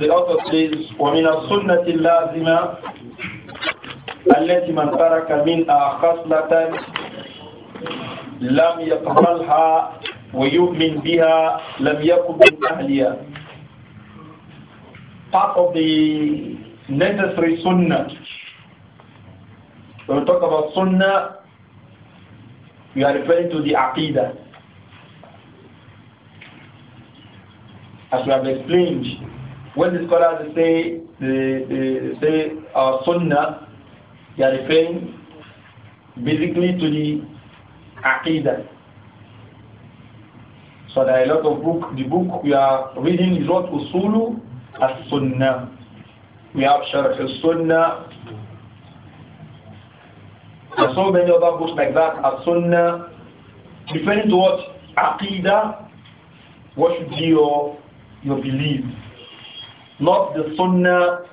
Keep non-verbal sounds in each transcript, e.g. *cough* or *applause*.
The author says, وَمِنَ السُنَّةِ اللَّازِمَةِ التي من ترك منها خصلة لم يقبلها ويؤمن بها لم يكن من أهلها part of the necessary sunnah. When we talk about sunnah, we are referring to the aqidah. As we have explained, When the scholars say they, the say sunnah, they are referring basically to the aqidah. So there are a lot of book. The book we are reading is what usulu as sunnah. We have sharh al sunnah. There are so many other books like that as sunnah, referring to what aqidah. What should be your your belief? not the sunnah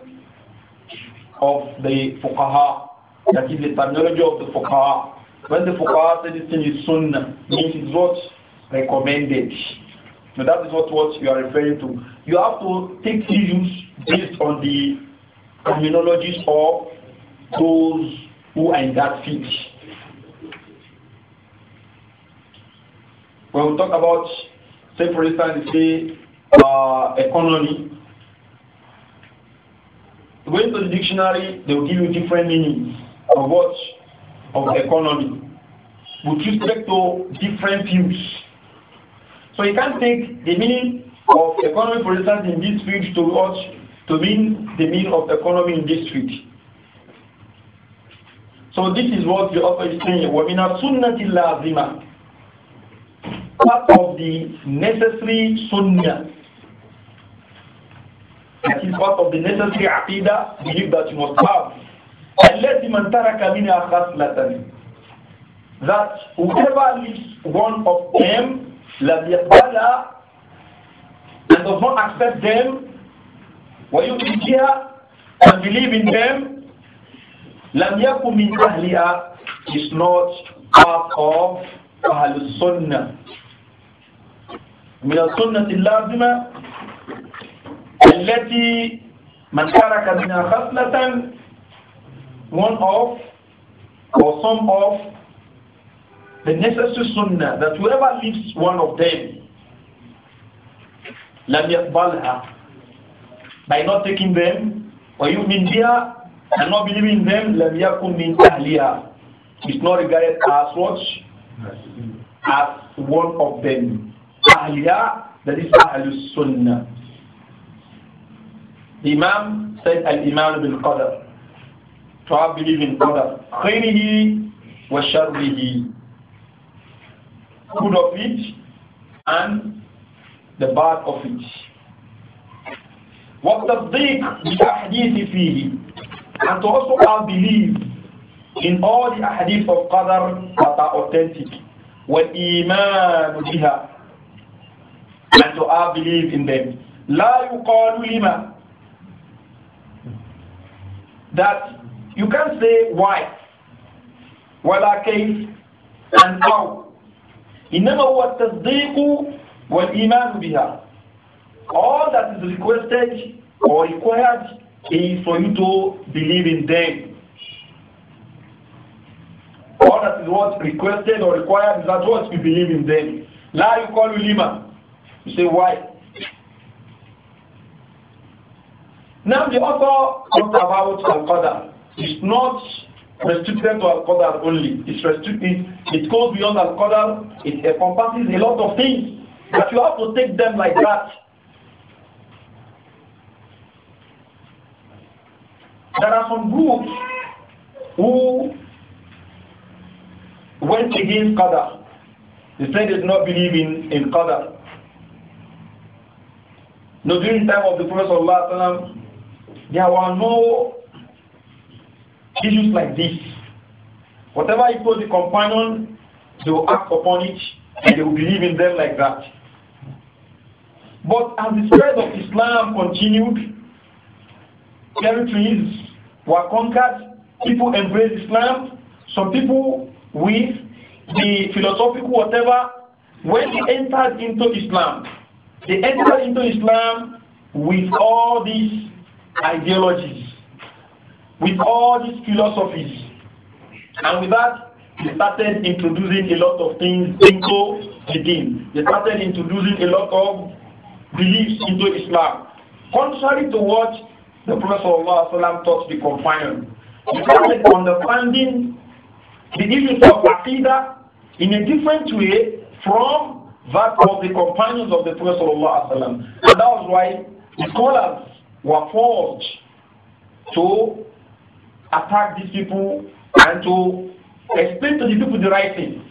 of the fuqaha, that is the terminology of the fuqaha. When the fuqaha says this thing is sunnah, means it's what recommended. So that is what, what you are referring to. You have to take issues based on the terminologies of those who are in that field. When we talk about, say for instance, say uh, economy, Going to the dictionary, they will give you different meanings of what? Of the economy. With respect to different fields. So you can't take the meaning of economy, for instance, in this field to what? To mean the meaning of economy in this field. So this is what the author is saying. وَمِنَ السُنَّةِ اللَّازِمَةِ Part of the necessary sunnah That is part of the necessary aqida, belief that you must have. And let الذي من ترك منها خصلة that whoever leaves one of them la يقبلها and does not accept them ويؤمن بها and believe in them لم يكن من أهلها is not part of أهل sunnah. من السنة اللازمة التي من ترك منها خصلة one of or some of the necessary sunnah that whoever leaves one of them لم يقبلها by not taking them or ويؤمن بها and not believing them لم يكن من أهلها is not regarded as what as one of them أهلها that is أهل السنة the Imam said al Imam bin Qadr. To have belief in Qadr. Khairihi wa sharrihi. Good of it and the bad of it. وَالتَّصْدِيقِ بِالْأَحْدِيثِ فِيهِ And to also have belief in all the ahadith of Qadr that are authentic. وَالْإِيمَانُ بِهَا And to have belief in them. لَا يُقَالُ لِمَا that you can't say why, whether case and how. إنما will التصديق be here. All that is requested or required is for you to believe in them. All that is what requested or required is that what you believe in them. call you لما. You say why? Now the author talks about Al-Qadr. It's not restricted to Al-Qadr only. It's restricted. It goes beyond Al-Qadr. It encompasses a lot of things. But you have to take them like that. There are some groups who went against Qadr. They said they did not believe in, in Qadr. No, during the time of the Prophet Sallallahu Alaihi Wasallam, there were no issues like this. Whatever he told the companion, they will act upon it and they will believe in them like that. But as the spread of Islam continued, territories were conquered, people embraced Islam, some people with the philosophical whatever, when they entered into Islam, they entered into Islam with all these ideologies, with all these philosophies. And with that, they started introducing a lot of things into the deen. They started introducing a lot of beliefs into Islam. Contrary to what the Prophet ﷺ taught the companion, They started understanding the issues of Aqidah in a different way from that of the companions of the Prophet. ﷺ. And that was why the scholars were forced to attack these people and to explain to the people the right thing.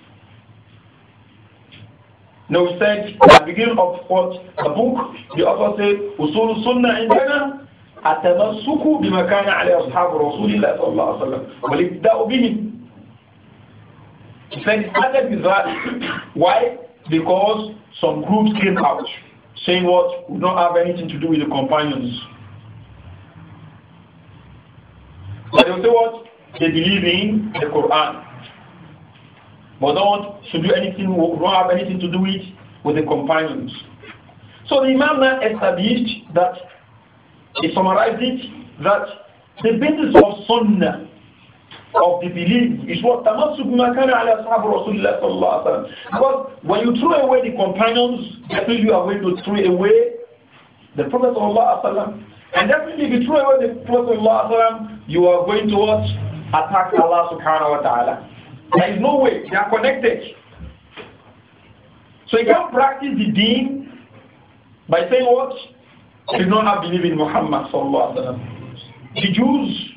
Now we said at the beginning of what the book, the author said, "Usul Sunnah عندنا التمسك بما كان عليه أصحاب رسول الله صلى الله عليه وسلم والابتداء به." He said it started with Why? Because some groups came out saying what do not have anything to do with the companions. But they'll say what? They believe in the Quran. But don't should do anything, don't have anything to do with, with the companions. So the Imam now established that, he summarized it, that the basis of Sunnah of the belief is what tamassuk makana ala sahab Rasulullah sallallahu alaihi wasallam. Because when you throw away the companions, that means you are going to throw away the Prophet sallallahu alaihi wasallam. And definitely if you throw away the Prophet Allah, you are going to what? Attack Allah subhanahu wa ta'ala. There is no way. They are connected. So you can't practice the deen by saying what? You do not have belief in Muhammad sallallahu alaihi wasallam. The Jews,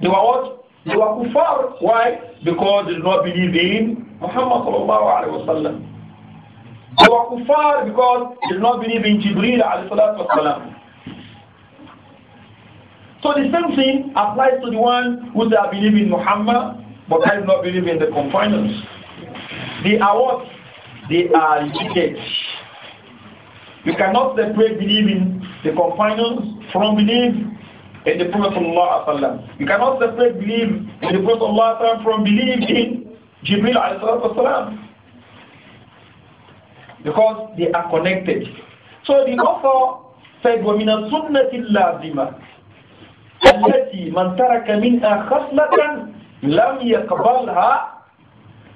they were what? They were kuffar. Why? Because they do not believe in Muhammad sallallahu alaihi wasallam. They were kuffar because they do not believe in Jibril alayhi salatu wasallam. So the same thing applies to the one who say, I believe in Muhammad, but I do not believe in the companions. They are what? They are limited. You cannot separate believing the companions from belief in the Prophet You cannot separate belief in the Prophet from belief in Jibril because they are connected. So the author said, وَمِنَ السُنَّةِ اللَّازِمَةِ التي من ترك منها خصلة لم يقبلها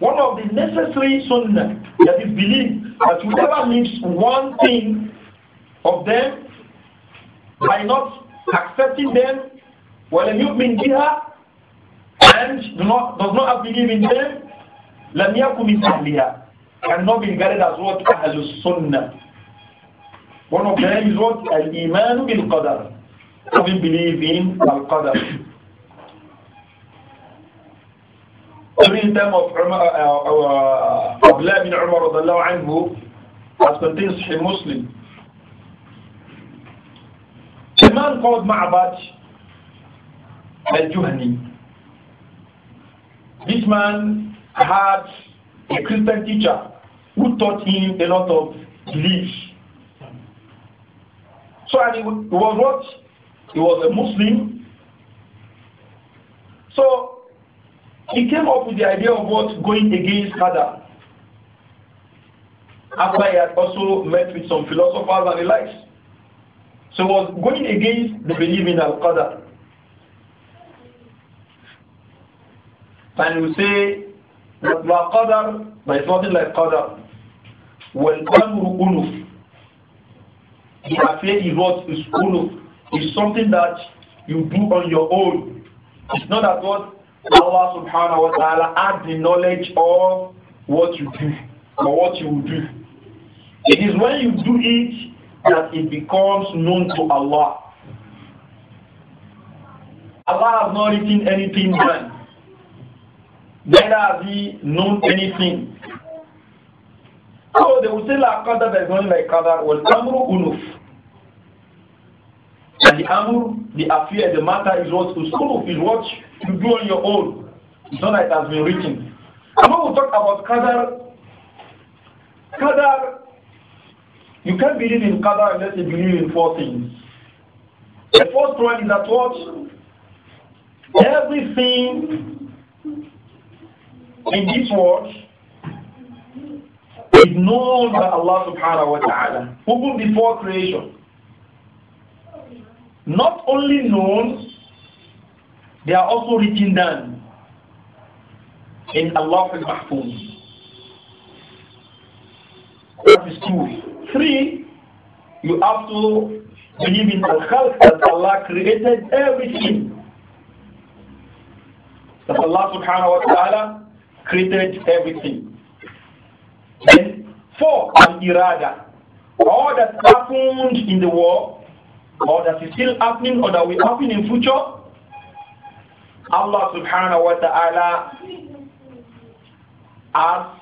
one of the necessary sunnah that is believed that whoever leaves one thing of them by not accepting them ولم يؤمن بها and do not, does not have belief in them لم يكن من أهلها cannot be regarded as what أهل السنة one of them is what الإيمان بالقدر we believe in Al-Qadr? During the time of in uh, uh, Abdullah bin Umar anhu, as contains a Muslim, a man called Ma'abad al-Juhani. This man had a Christian teacher who taught him a lot of beliefs. So and he was what he was a Muslim. So he came up with the idea of what going against Qadar. After he had also met with some philosophers and the likes. So he was going against the belief in Al-Qadar. And we say that La Qadar, but it's nothing like Qadar. Well, Amru Unuf. The affair is what is Unuf. It's something that you do on your own. It's not that Allah subhanahu wa ta'ala adds the knowledge of what you do or what you will do. It is when you do it that it becomes known to Allah. Allah has not written anything down. Neither has He known anything. So they will say, La qadar, there is nothing like qadar. Well, amru unuf. And the amr, the affair, the matter is what is what you do on your own. It's not that it has been written. I'm going to talk about qadar, qadar, you can't believe in qadar unless you believe in four things. The first one is that what everything in this world is known by Allah subhanahu wa ta'ala, was before creation not only known, they are also written down in Allah al That is two. Three, you have to believe in Al Khalq that Allah created everything. That Allah subhanahu wa ta'ala created everything. Then four, Al Irada. All that happened in the world or that is still happening or that will happen in future, Allah subhanahu wa ta'ala has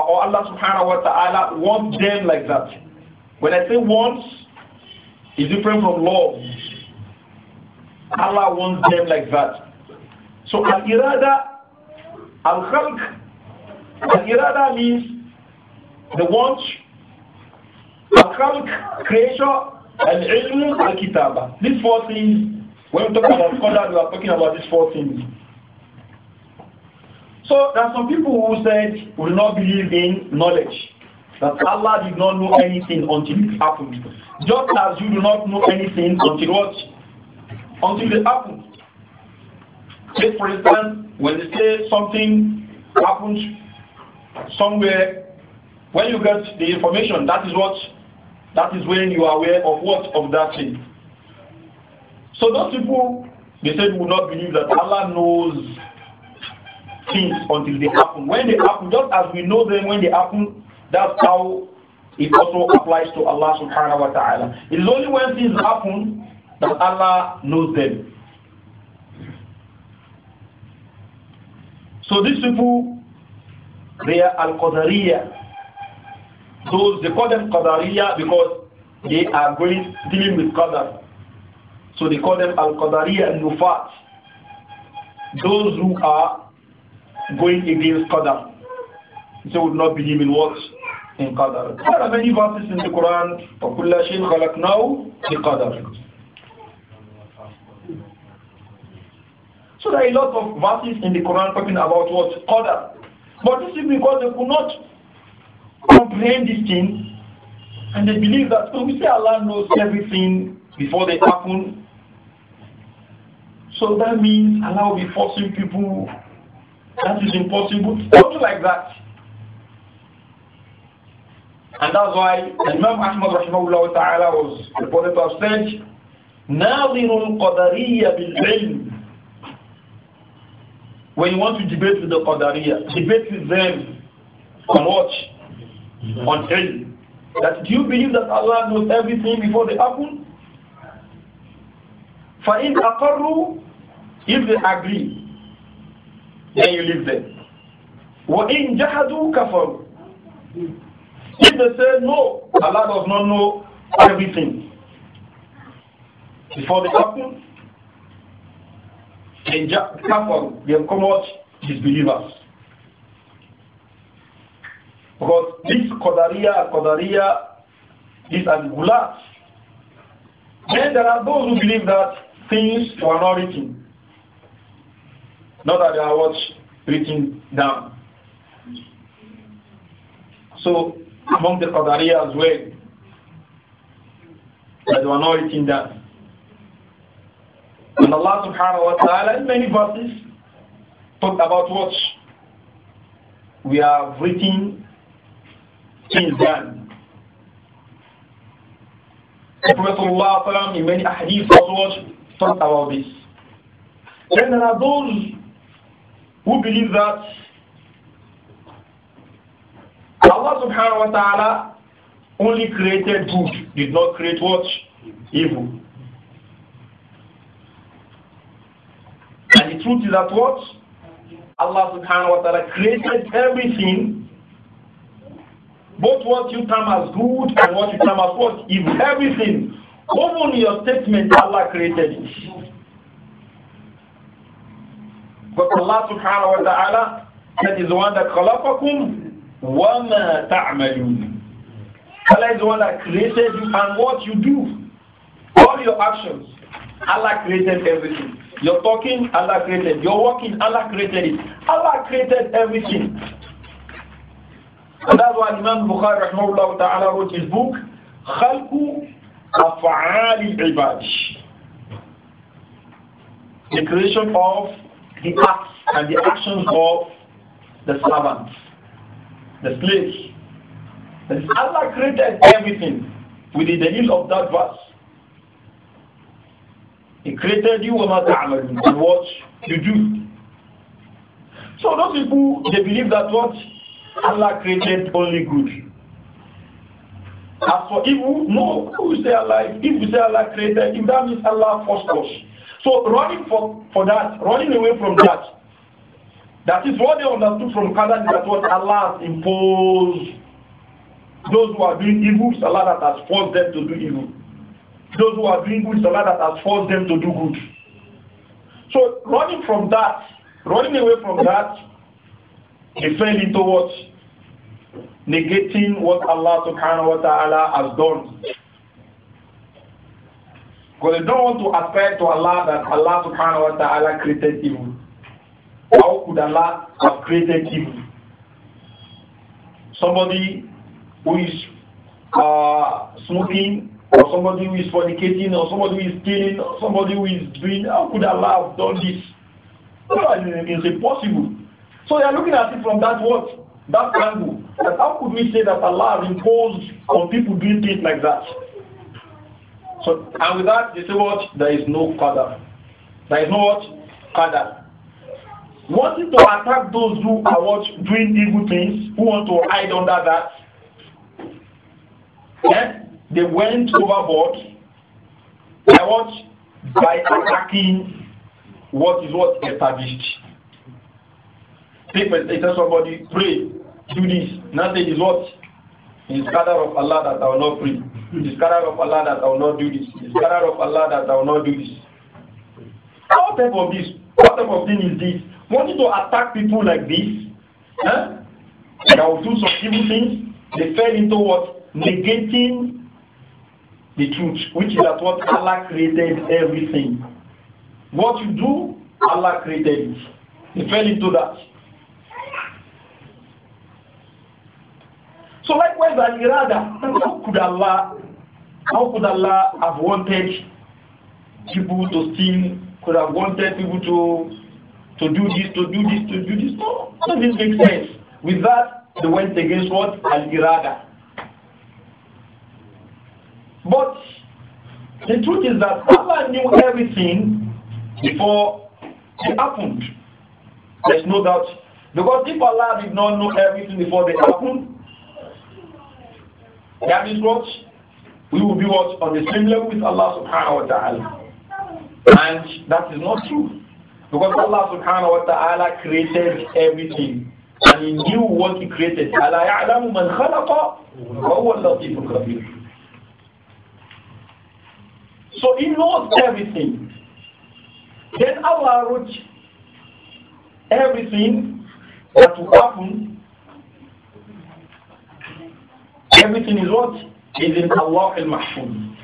or Allah subhanahu wa ta'ala wants them like that. When I say wants, it's different from love. Allah wants them like that. So al-irada, al-khalq, al-irada means the want, al-khalq, creation, Al-ilm al-kitaba. These four things, when we talk about scholar, we are talking about these four things. So there are some people who said we do not believe in knowledge. That Allah did not know anything until it happened. Just as you do not know anything until what? Until it happened. Take for instance, when they say something happens somewhere, when you get the information, that is what that is when you are aware of what? Of that thing. So those people, they said, will not believe that Allah knows things until they happen. When they happen, just as we know them when they happen, that's how it also applies to Allah subhanahu wa ta'ala. It is only when things happen that Allah knows them. So these people, they are Al-Qadariyah. Those, they call them Qadariya because they are going dealing with Qadar. So they call them Al-Qadariya and Nufat. Those who are going against Qadar. They would not believe in what? In Qadar. There are many verses in the Quran. وَكُلَّ شَيْءٍ خَلَقْنَاهُ بِقَدَرٍ So there are a lot of verses in the Quran talking about what? Qadar. But this is because they could not comprehend these things and they believe that when we say Allah knows everything before they happen. So that means Allah will be forcing people that is impossible, something like that. And that's why Imam Ahmad rahimahullah ta'ala was reported to have said, ناظر القدرية بالعلم When you want to debate with the Qadariya, debate with them on watch on you That do you believe that Allah knows everything before they happen? فَإِنْ أَقَرُّوا If they agree, then you leave them. وَإِنْ جَحَدُوا كَفَرُوا If they say no, Allah does not know everything before they happen, then kafir, they come out Disbelievers. Because this Qadariya, Qadariya is an gulat. Then there are those who believe that things were not written. Not that they are what written down. So among the Qadariya as well, that they were not written down. And Allah subhanahu wa ta'ala in many verses talked about what we have written is done. The Prophet in many ahadith also talked about this. Then there are those who believe that Allah subhanahu wa ta'ala only created good, did not create what? Evil. And the truth is that what? Allah subhanahu wa ta'ala created everything both what you term as good and what you term as what evil. Everything, even your statement, Allah created it. But Allah subhanahu wa ta'ala that is the one that wa ma ta'malun. Allah is the one that created you and what you do. All your actions, Allah created everything. Your talking, Allah created. Your walking, Allah created it. Allah created everything. And that's why Imam Bukhari rahmahullah ta'ala wrote his book, Khalku Afa'ali Ibad. The creation of the acts and the actions of the servants, the slaves. And Allah created everything with the deal of that verse. He created you and what you do. So those people, they believe that what Allah created only good. As for evil, no, who is say Allah. If we say Allah created, if that means Allah forced us. So running for, for that, running away from that, that is what they understood from Qadar that what Allah has imposed. Those who are doing evil, it's Allah that has forced them to do evil. Those who are doing good, it's Allah that has forced them to do good. So running from that, running away from that, they fell into what? negating what Allah subhanahu wa ta'ala has done. Because they don't want to ascribe to Allah that Allah subhanahu wa ta'ala created evil. How could Allah have created evil? Somebody who is uh, smoking, or somebody who is fornicating, or somebody who is stealing, or somebody who is doing, how could Allah have done this? It's impossible. So they are looking at it from that what? that angle how could we say that Allah has imposed on people doing things like that? So, and with that, they say what? There is no qadar. There is no what? Qadar. Wanting to attack those who are what? Doing evil things, who want to hide under that. Yes, they went overboard by what? By attacking what is what established people, they tell somebody, pray, do this. Nothing is what? It's color of Allah that I will not pray. It's color of Allah that I will not do this. It's color of Allah that I will not do this. What type of this? What type of thing is this? Wanting to attack people like this, huh? that will do some evil things, they fell into what? Negating the truth, which is that what Allah created everything. What you do, Allah created it. They fell into that. So likewise, al irada. How could Allah, how could Allah have wanted people to sin? Could have wanted people to to do this, to do this, to do this? No, none of this makes sense. With that, they went against what al irada. But the truth is that Allah knew everything before it happened. There's no doubt. Because if Allah did not know everything before they happened, that means what? We will be what? On the same level with Allah subhanahu wa ta'ala. And that is not true. Because Allah subhanahu wa ta'ala created everything. And he knew what he created. So he knows everything. Then Allah wrote everything that will happen Everything is what? Is in Allah al-Mahfuz.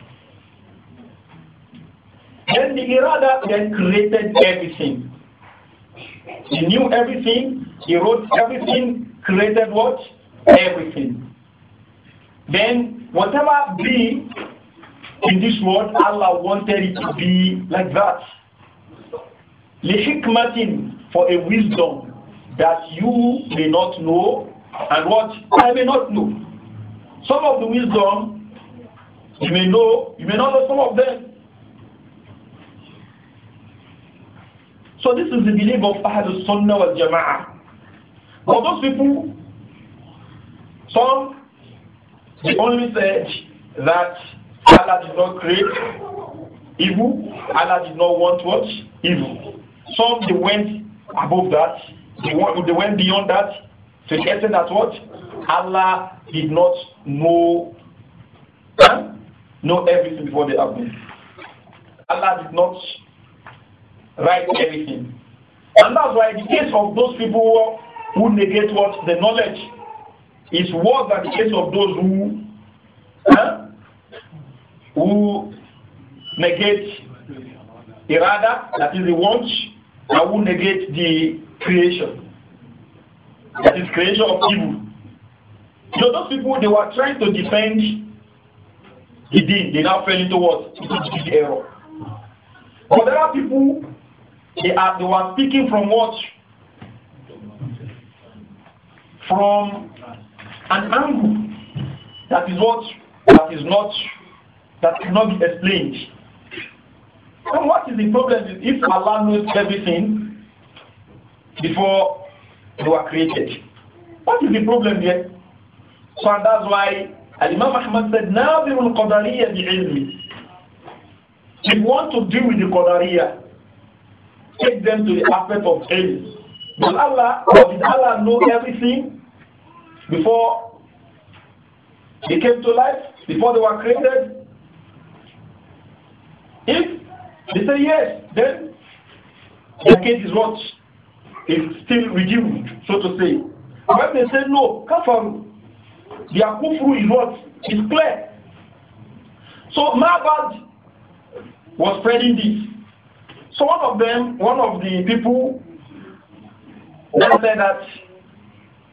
Then the Irada then created everything. He knew everything, he wrote everything, created what? Everything. Then whatever be in this world, Allah wanted it to be like that. Lihikmatin for a wisdom that you may not know and what I may not know. Some of the wisdom you may know, you may not know some of them. So this is the belief of Ahlul Sunnah wal Jama'ah. But those people, some, they only said that Allah did not create evil, Allah did not want what? Evil. Some, they went above that, they went beyond that, so the that what? Allah did not know, know everything before they happened. Allah did not write everything. And that's why the case of those people who, who negate what the knowledge is worse than the case of those who huh? who negate irada, that is the want, and who negate the creation. That is creation of evil. You know, those people, they were trying to defend the deen. They now fell into what? Into the error. But there are people, they, are, they were speaking from what? From an angle that is what? That is not, that cannot be explained. And what is the problem if Allah knows everything before they were created. What is the problem here? So and that's why Imam Ahmad said, نَابِرُ الْقَدَرِيَّ بِعِلْمِ If you want to deal with the Qadariya, take them to the aspect of ilm. Does Allah, did Allah know everything before they came to life, before they were created? If they say yes, then the case is what? is still redeemed, so to say. When they say no, kafam, their kufru is what? Is clear. So Mabad was spreading this. So one of them, one of the people, then said that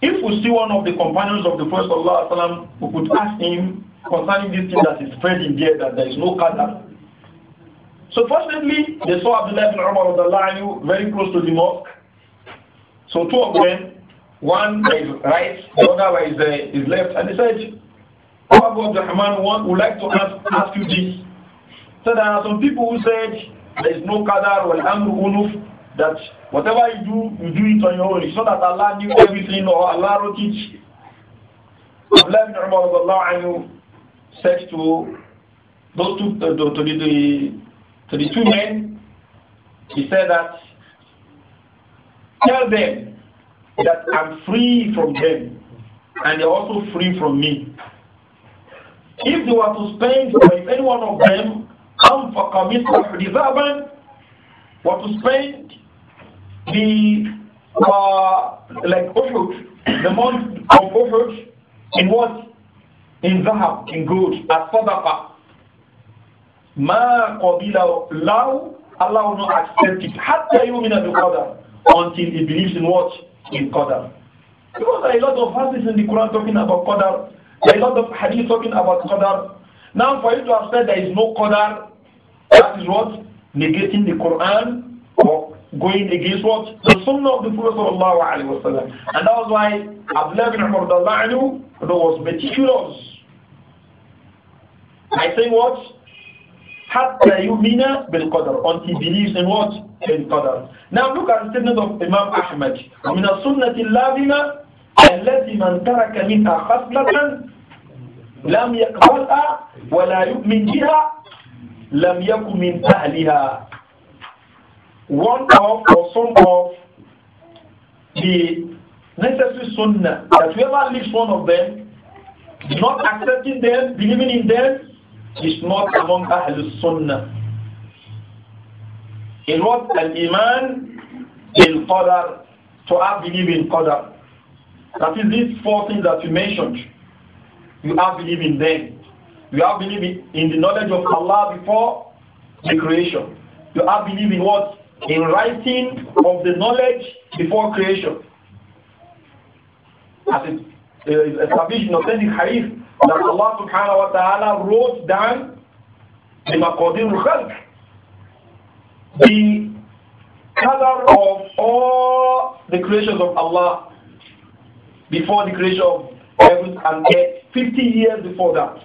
if we see one of the companions of the Prophet Allah, we could ask him concerning this thing that is spreading there that there is no qadar. So fortunately, they saw Abdullah ibn Umar very close to the mosque. So two of them, one is right, the other by his, uh, his left, and he said, oh, Abu Abdurrahman, one would like to ask, ask you this. So there are some people who said there is no qadar or amru unuf, that whatever you do, you do it on your own. It's not that Allah knew everything or Allah wrote it. Abdullah ibn Umar said to those two, to, to, to, the, to the two men, he said that tell them that I'm free from them and they're also free from me. If they were to spend, or if any one of them come for commitment, were to spend the uh, like Uhud, the month of Uhud, in what? In Zahab, in gold, as Sadaqa. Ma qabila law, Allah will not accept it. Hatta yumina bi qadar until he believes in what? In Qadar. Because there are a lot of verses in the Quran talking about Qadar. There are a lot of hadith talking about Qadar. Now for you to have said there is no Qadar, that is what? Negating the Quran or going against what? The Sunnah of the Prophet Sallallahu Alaihi Wasallam. And that was why Abdullah bin Umar was meticulous. I say what? Hatta yumina bil qadr. Until he believes in what? In qadr. Now look at the statement of Imam Ahmad. ومن السنة اللازمة التي من ترك منها خصلة لم يقبلها ولا يؤمن بها لم يكن من أهلها. One of or some of the necessary sunnah that whoever leaves one of them, not accepting them, believing in them, is not among Ahlul Sunnah. In what? an iman in Qadar, to have believe in Qadar. That is these four things that you mentioned. You have believe in them. You have believe in the knowledge of Allah before the creation. You have believe in what? In writing of the knowledge before creation. As it is uh, established in authentic hadith, that Allah subhanahu wa ta'ala wrote down in Maqadir Khalq, the color of all the creations of Allah before the creation of heaven and earth, 50 years before that.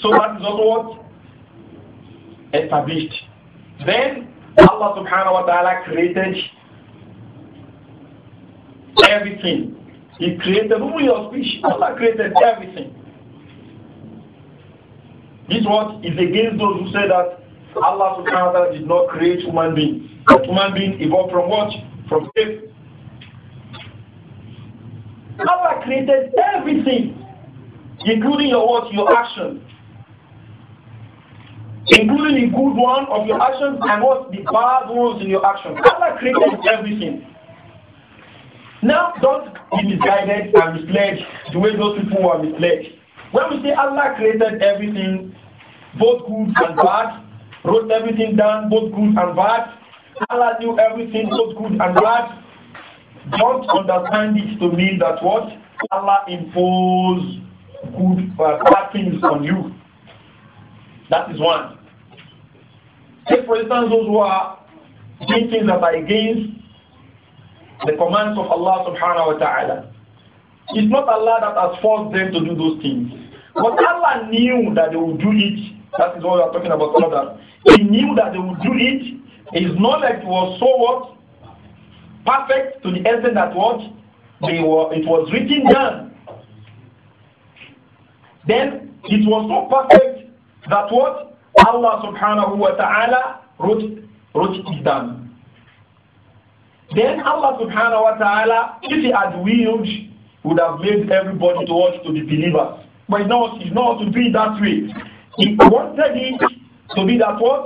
So that is also what established. Then Allah subhanahu wa ta'ala created everything he created all your speech. Allah created everything. This what is against those who say that Allah subhanahu wa ta'ala did not create human beings. But human beings evolved from what? From faith. Allah created everything, including your what? Your actions, Including the good one of your actions and what the bad ones in your actions. Allah created everything. Now, don't be misguided and misled the way those people were misled. When we say Allah created everything, both good and bad, wrote everything down, both good and bad, Allah knew everything, both good and bad, don't understand it to mean that what? Allah imposed good uh, bad things on you. That is one. Take for instance those who are doing things that are against the commands of Allah subhanahu wa ta'ala. It's not Allah that has forced them to do those things. But Allah knew that they would do it. That is what we are talking about brother. He knew that they would do it. His knowledge was so what? Perfect to the extent that what? They were, it was written down. Then it was so perfect that what? Allah subhanahu wa ta'ala wrote, wrote it down. Then Allah subhanahu wa ta'ala, if he had willed, would have made everybody to worship to the believers. But he's not, it's not to be that way. He wanted it to be that what?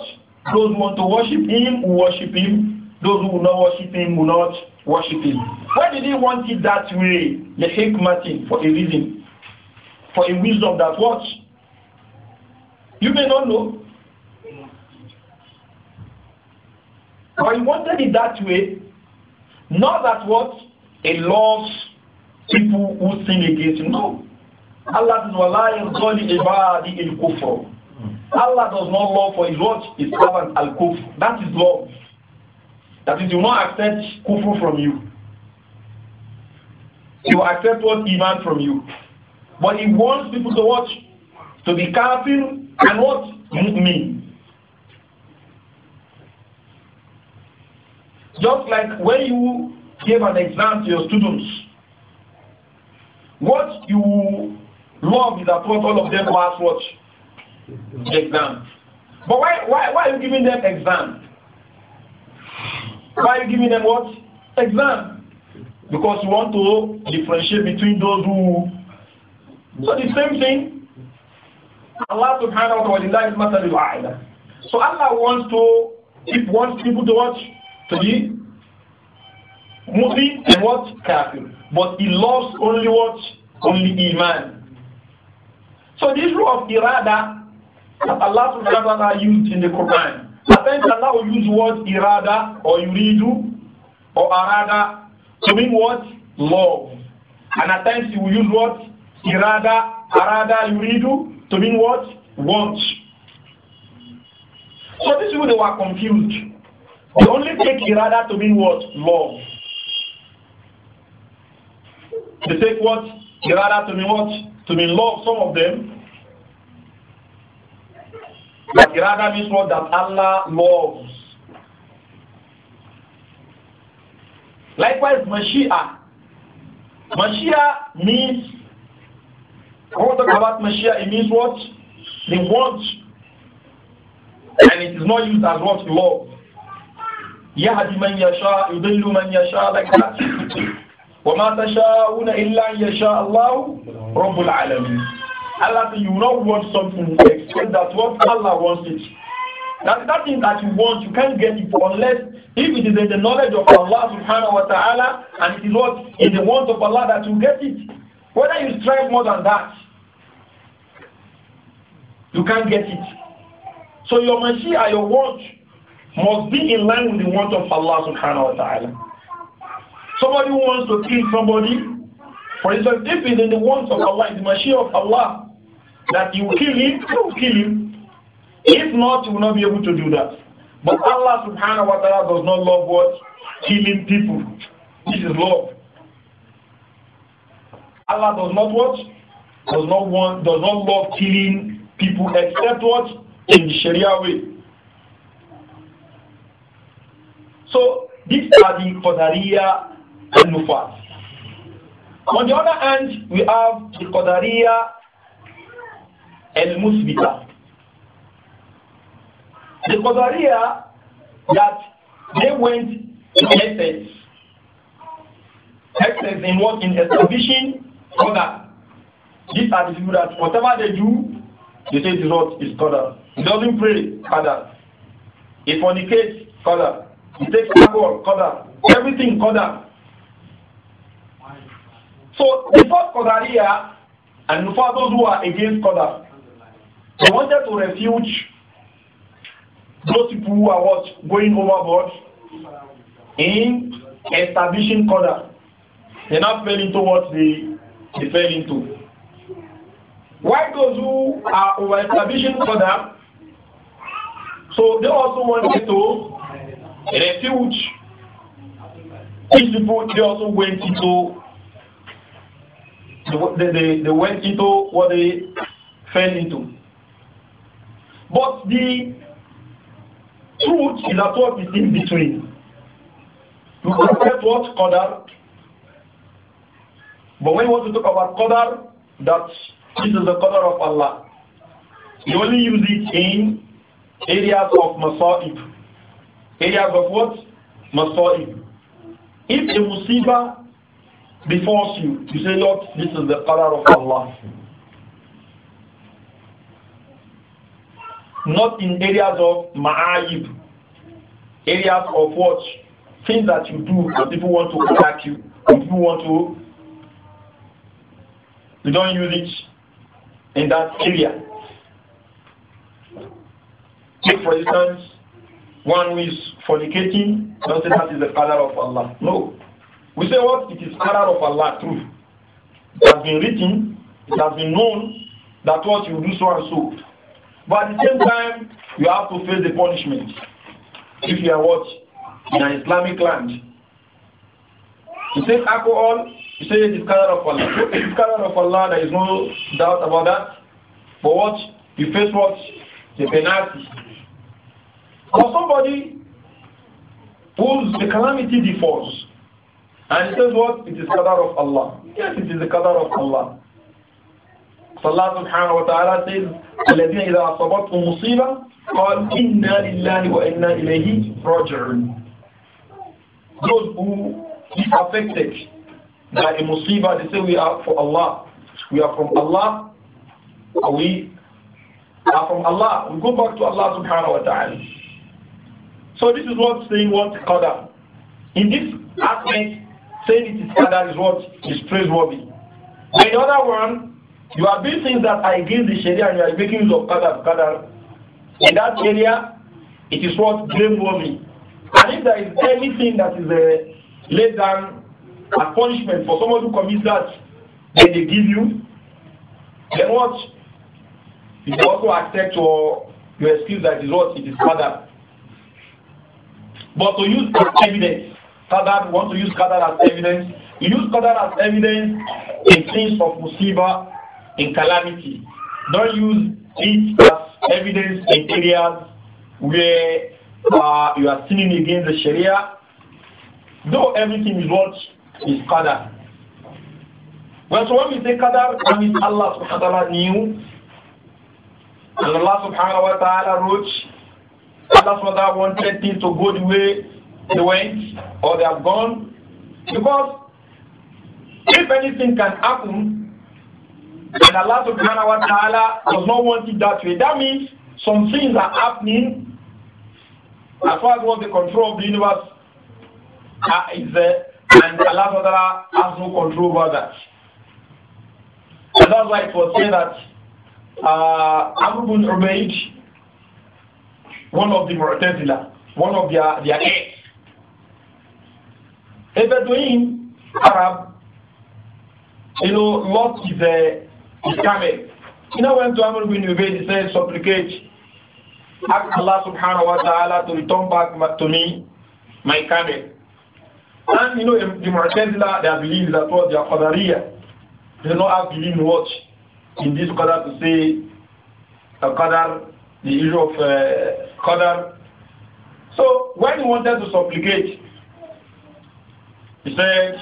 Those who want to worship him will worship him. Those who will not worship him will not worship him. Why did he want it that way? The hikmatin, for a reason. For a wisdom that what? You may not know. But he wanted it that way not that what it loves people who sin against him. No. Allah says, Wallahi al ibadi in kufr. Allah does not love for his watch His servant al kufr. That is love. That is, you will not accept kufr from you. He will accept what Iman from you. But he wants people to watch, to be careful and what? Mu'min. Just like when you give an exam to your students, what you love is that what all of them pass what the exam. But why why why are you giving them exam? Why are you giving them what exam? Because you want to differentiate between those who. So the same thing. Allah Subhanahu wa Taala is matter So Allah wants to, if wants people to watch to the Muslim and what? Kafir. But he loves only what? Only Iman. So this issue of irada that Allah subhanahu wa ta'ala used in the Quran. At times Allah will use word Irada or yuridu or arada to mean what? Love. And at times he will use what? Irada, arada, yuridu to mean what? Want. So these people they were confused. They only take irada to mean what? Love. They take what? Irada to mean what? To mean love, some of them. But irada means what? That Allah loves. Likewise, Mashiach. Mashiach means, I want to talk about Mashiach, it means what? The want. And it is not used as what? Love. يهدي من يشاء يضل من يشاء like وما تشاءون إلا أن يشاء الله رب العالمين Allah you will not want something except that what Allah wants it that that thing that you want you can't get it unless if it is in the knowledge of Allah subhanahu wa ta'ala and it is what in the want of Allah that you get it whether you strive more than that you can't get it so your mashia your want must be in line with the want of Allah subhanahu wa ta'ala. Somebody wants to kill somebody, for instance, if it's in the wants of Allah, it's the machine of Allah, that you kill him, you kill him. If not, you will not be able to do that. But Allah subhanahu wa ta'ala does not love what? Killing people. This is love. Allah does not what? Does not want does not love killing people except what? In the Sharia way. So these are the Qadariya and Nufat. On the other hand, we have the Qadariya and Musbita. The Qadariya that they went in essence, essence in what in establishing order. These are the people that whatever they do, they say it is not is order. He doesn't pray, on He fornicates, order. He takes alcohol, qadar. Everything qadar. So the first here, and for those who are against qadar, they wanted to refuge those people who are what going overboard in establishing qadar. They are fell into what they, they fell into. Why those who are over establishing qadar? So they also wanted to refuge. These people they also went into they, they, they went into what they fell into. But the truth is that what is in between. You accept what Qadar. But when you want to talk about Qadar, that this is the Qadar of Allah. You only use it in areas of Masa'ib areas of what? Masa'ib. If a musibah befalls you, you say, Lord, this is the qadar of Allah. Not in areas of ma'ayib, areas of what? Things that you do that people want to attack you, and people want to. You don't use it in that area. Take, for instance, one who is fornicating, don't say that is the father of Allah. No. We say what? It is father of Allah, too. It has been written, it has been known that what you do so and so. But at the same time, you have to face the punishment. If you are what? In an Islamic land. You say alcohol, you say it is color of Allah. So it is color of Allah, there is no doubt about that. But what? You face what? The penalty. For somebody whose the calamity defaults and says what? It is qadar of Allah. Yes, it is the qadar of Allah. So Allah subhanahu wa ta'ala says, الَّذِينَ إِذَا أَصَبَتْهُمْ مُصِيبَةً قَالْ إِنَّا لِلَّهِ وَإِنَّا إِلَيْهِ رَاجِعُونَ Those who are affected by a musibah, they say we are for Allah. We are from Allah. We are from Allah. We go back to Allah subhanahu wa ta'ala. So this is what saying what qadar. In this aspect, saying it is qadar is what is praiseworthy. In the other one, you are doing things that are against the Sharia and you are making use of qadar, qadar. In that area, it is what blameworthy. And if there is anything that is uh, laid down punishment for someone who commits that, then they give you, then what? You also accept your, your excuse that is what it is qadar. But to use as evidence, We want to use Qadar as evidence, you use Qadar as evidence in case of Musiba, in calamity. Don't use it as evidence in areas where uh, you are sinning against the Sharia, though everything is what is Qadar. Well, so when we say Qadar, that means Allah subhanahu wa ta'ala knew, and Allah subhanahu wa ta'ala wrote, Allah mother wanted things to go the way they went or they have gone. Because if anything can happen, and Allah subhanahu wa ta'ala does not want it that way, that means some things are happening as far as what the control of the universe uh, is there, uh, and Allah subhanahu wa ta'ala has no control over that. And that's why it was said that uh, Abu bin Ubaid one of the Mu'tazila, one of their their heads. A Bedouin Arab, you know, lost his, uh, his camel. You know, when to Amr bin Ubayd, he said, supplicate, ask Allah subhanahu wa ta'ala to return back to me my camel. And you know, the Mu'tazila, they believe that what they are Qadariya. They do not have belief in what? In this Qadar to say, a Qadar, the issue of uh, Qadar. So when he wanted to supplicate, he said,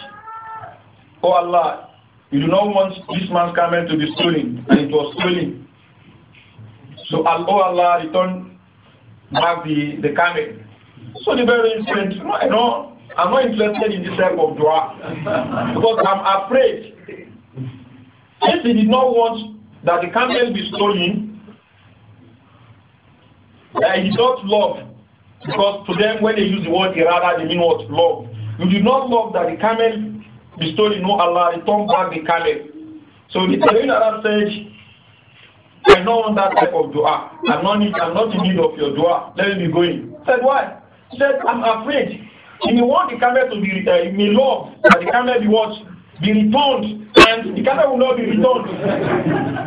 Oh Allah, you do not want this man's camel to be stolen, and it was stolen. So oh Allah, returned back the, the camel. So the very said, No, I know. I'm not interested in this type of dua because I'm afraid. Since he did not want that the camel be stolen, that he not love. Because to them, when they use the word irada, they mean what? Love. You do not love that the camel bestowed in no Allah, return back the camel. So the Tawin Arab said, I don't want that type of dua. I'm not, in, I'm not in need of your dua. Let me be going. said, why? said, I'm afraid. He may want the camel to be, returned. Uh, he may love that the camel be what? Be returned. And the camel will not be returned. *laughs*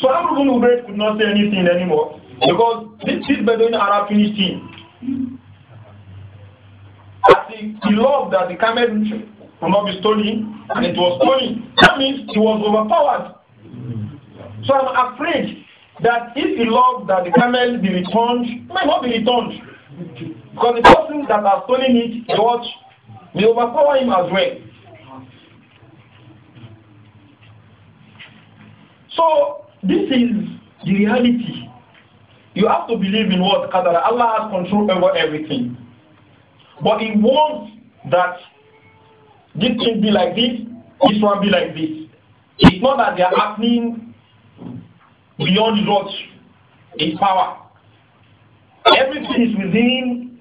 So Amr ibn could not say anything anymore because this, this Bedouin Arab finished him. As he, he loved that the camel from not be stolen, and it was stolen. That means he was overpowered. So I'm afraid that if he loved that the camel be returned, it might not be returned. Because the person that has stolen it, the watch, will overpower him as well. So this is the reality. You have to believe in what? Allah has control over everything. But He wants that this thing be like this, this one be like this. It's not that they are happening beyond his power. Everything is within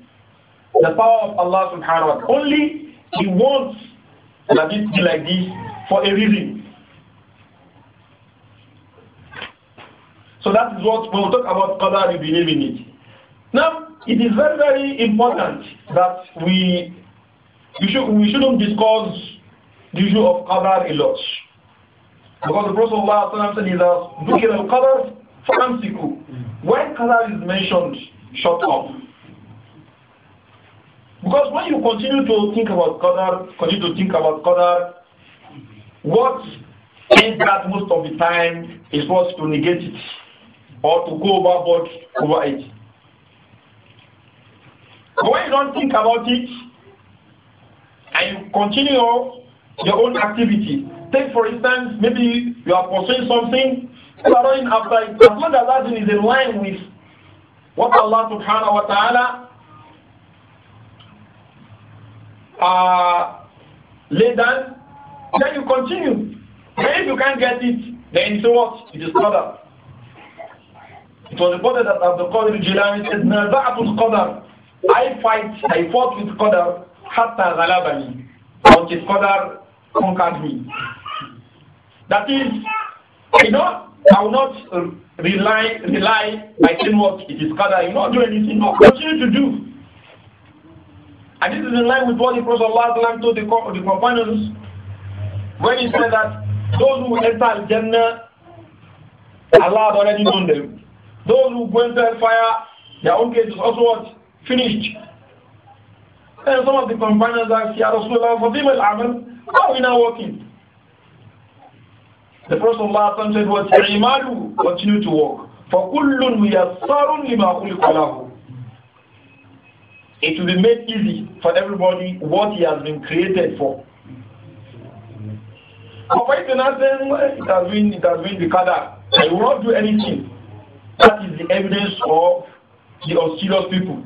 the power of Allah subhanahu wa ta'ala. Only He wants that this be like this for a reason. So that is what, when we talk about qadar, we believe in it. Now, it is very, very important that we, we, should, we shouldn't discuss the issue of qadar a lot. Because the Prophet Allah said, al qadar فَأَمْسِكُ When qadar is mentioned, shut up. Because when you continue to think about qadar, continue to think about qadar, what is that most of the time is supposed to negate it or to go overboard over it. But when you don't think about it and you continue your own activity, take for instance, maybe you are pursuing something, you are running after it. As long as that thing is in line with what Allah subhanahu wa ta'ala uh, laid down, then you continue. And if you can't get it, then so what? It is further. It was reported that Abdul Qadir Jilani said, Naza'atul Qadar. I fight, I fought with Qadar, Hatta Ghalabani. Until Qadar conquered me. That is, you know, I will not rely, rely my teamwork. it is Qadar. I will not do anything, but continue to do. And this is in line with what the Prophet Allah told the, the companions when he said that those who enter Jannah, Allah had already known them. Those who went into fire, their own case is also what? Finished. And some of the companions asked, Ya Rasulullah, Fatim al Amal, how are we now working? The Prophet Allah said, What Imalu, continue to work. فَكُلٌّ مُيَسَّرٌ لِمَا خُلِقَ لَهُ It will be made easy for everybody what he has been created for. But for it not say, it has been, it has been the kada. I will not do anything. That is the evidence of the auspicious people.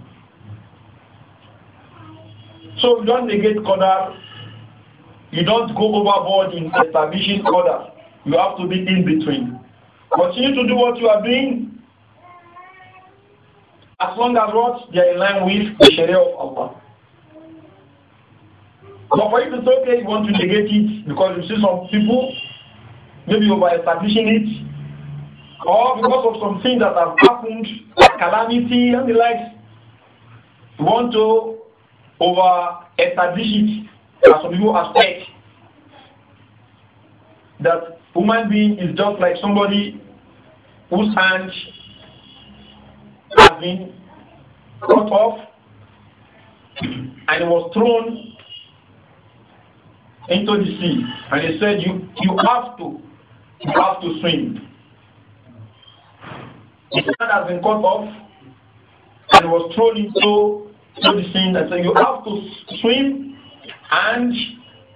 So you don't negate order. You don't go overboard in establishing order. You have to be in between. Continue to do what you are doing. As long as what? They are in line with the Sharia of Allah. But for you to say, okay, you want to negate it because you see some people, maybe over establishing it, or because of some things that have happened, calamity and the like, you want to over establish it as some people aspect that human being is just like somebody whose hand has been cut off and was thrown into the sea. And he said, you, you have to, you have to swim his hand has been cut off and was thrown into the sea. And said you have to swim and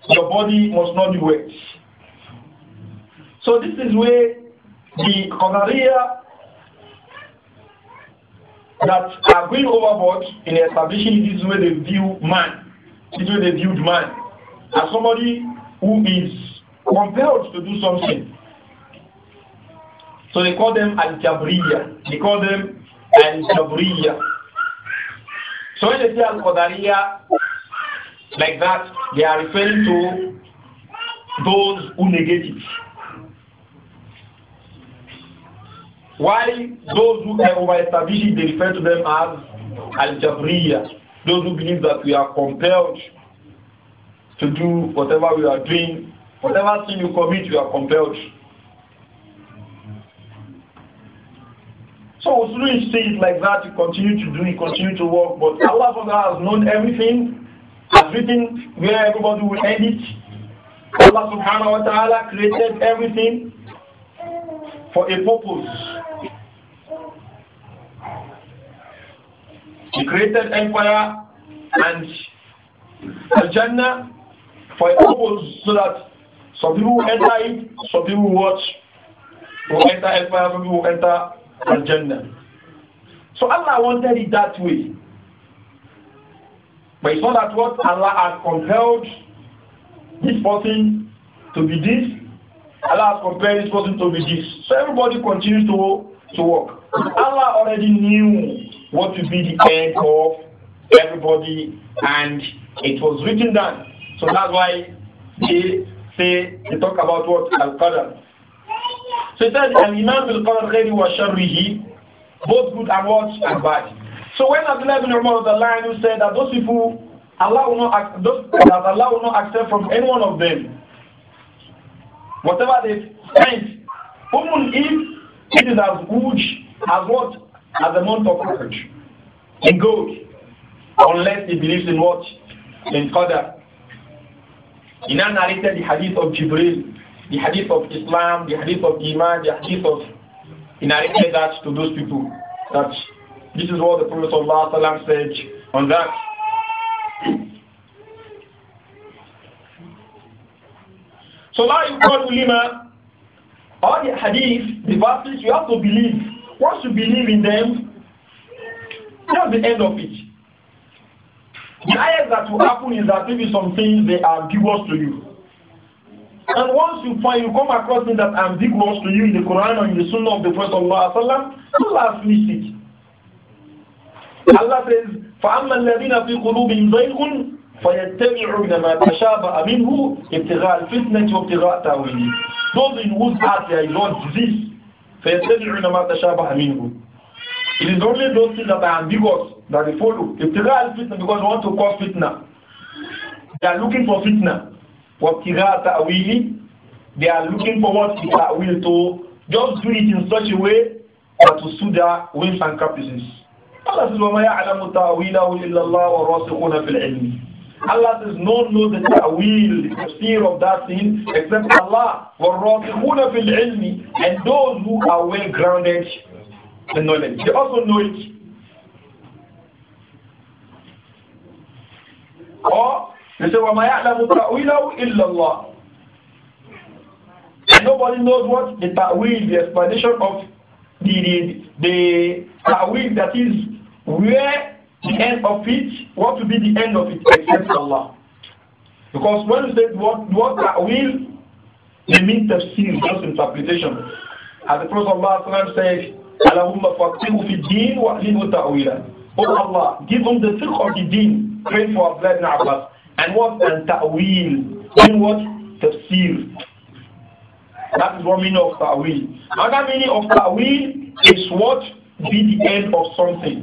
your body must not be wet. So this is where the gonorrhea that are going overboard in establishing this way they view man, this where they viewed man as somebody who is compelled to do something. So they call them Al-Jabriya. They call them Al-Jabriya. So when they say Al-Qadariya like that, they are referring to those who negate it. While those who are over-established they refer to them as Al-Jabriya. Those who believe that we are compelled to do whatever we are doing, whatever sin you commit, we are compelled So Usulu see it like that, you continue to do, it, continue to work, but Allah Ta'ala has known everything, has written where everybody will end it. Allah subhanahu wa ta'ala created everything for a purpose. He created empire and agenda for a purpose so that some people enter it, some people watch, will enter empire, some people enter and Jannah. So Allah wanted it that way. But it's not that what Allah has compelled this person to be this, Allah has compelled this person to be this. So everybody continues to, to work. Allah already knew what would be the end of everybody and it was written down. So that's why they say they talk about what Al Qadr. So it says, Al Iman bil Qadr wa sharrihi, both good and what and bad. So when Abdullah ibn Umar of the line who said that those people, Allah will not, those, that Allah will not accept from any one of them, whatever they spent, even if it is as huge as what? As the month of Hajj, in gold, unless he believes in what? In Qadr. He now narrated the hadith of Jibril the hadith of Islam, the hadith of Iman, the hadith of he narrated that to those people. That this is what the Prophet ﷺ said on that. So now you call ulama, all the hadith, the verses, you have to believe. Once you believe in them, that's the end of it. The highest that will happen is that maybe some things they are ambiguous to you. And once you find you come across things that are ambiguous to you in the Quran or in the Sunnah of the Prophet Allah, Allah has missed it. Allah says, فَأَمَّا الَّذِينَ فِي قُلُوبِهِمْ زَيْغٌ فَيَتَّبِعُونَ مَا تَشَابَهَ مِنْهُ ابْتِغَاءَ الْفِتْنَةِ وَابْتِغَاءَ تَأْوِيلِهِ Those in whose heart there is not disease, فَيَتَّبِعُونَ مَا تَشَابَهَ مِنْهُ It is only those things that are ambiguous that they follow. Ibtigha al-fitna because they want to cause fitna. They are looking for fitna. What وَابْتِغَاءَ تَأْوِيلِ They are looking forward to ta'wil to just do it in such a way that to suit their wings and caprices. Allah says, وَمَا يَعْلَمُ تَأْوِيلَهُ إِلَّا اللَّهُ وَرَاسِخُونَ فِي الْعِلْمِ Allah says, no knows the ta'wil, the fear of that thing, except Allah, وَالرَّاسِخُونَ فِي الْعِلْمِ And those who are well grounded in knowledge. They also know it. Or they say, وَمَا يَعْلَمُ تَأْوِيلَهُ إِلَّا اللَّهُ And nobody knows what the ta'wil, the explanation of the, the, ta'wil that is where the end of it, what will be the end of it except Allah. Because when you say what, what ta'wil, it means tafsir, just interpretation. As the Prophet Allah said, Allahumma faqihu fi deen wa ta'wila. Oh Allah, give them the fiqh of the deen. Pray for Abdullah ibn Abbas and what and ta'wil mean what tafsir that is one meaning of ta'wil another meaning of ta'wil is what be the end of something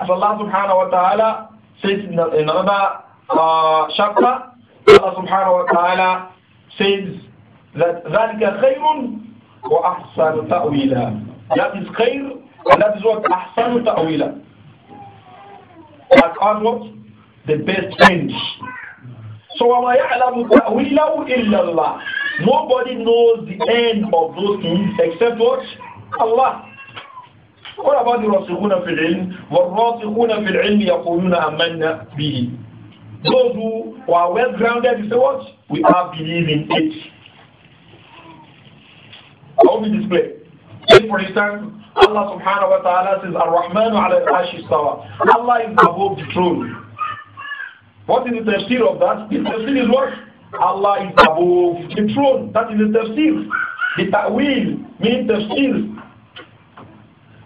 as Allah subhanahu wa ta'ala says in another uh, chapter Allah subhanahu wa ta'ala says that ذَلِكَ خَيْرٌ وَأَحْسَنُ تَأْوِيلًا That is خير and that is what أحسن تأويلا That what? The best change. So Nobody knows the end of those things except what? Allah. What about the Rasuluna fil ilm? وَالرَّاسِخُونَ فِي الْعِلْمِ يَقُولُونَ أَمَنَّا bihi? Those who are well grounded, you say what? We are believing it. How we display? Take for instance, Allah subhanahu wa ta'ala says, Ar-Rahmanu ala al-Ashi Allah is above the throne. What is the tafsir of that? The tafsir is what? Allah is above the throne. That is the tafsir. The ta'wil means tafsir.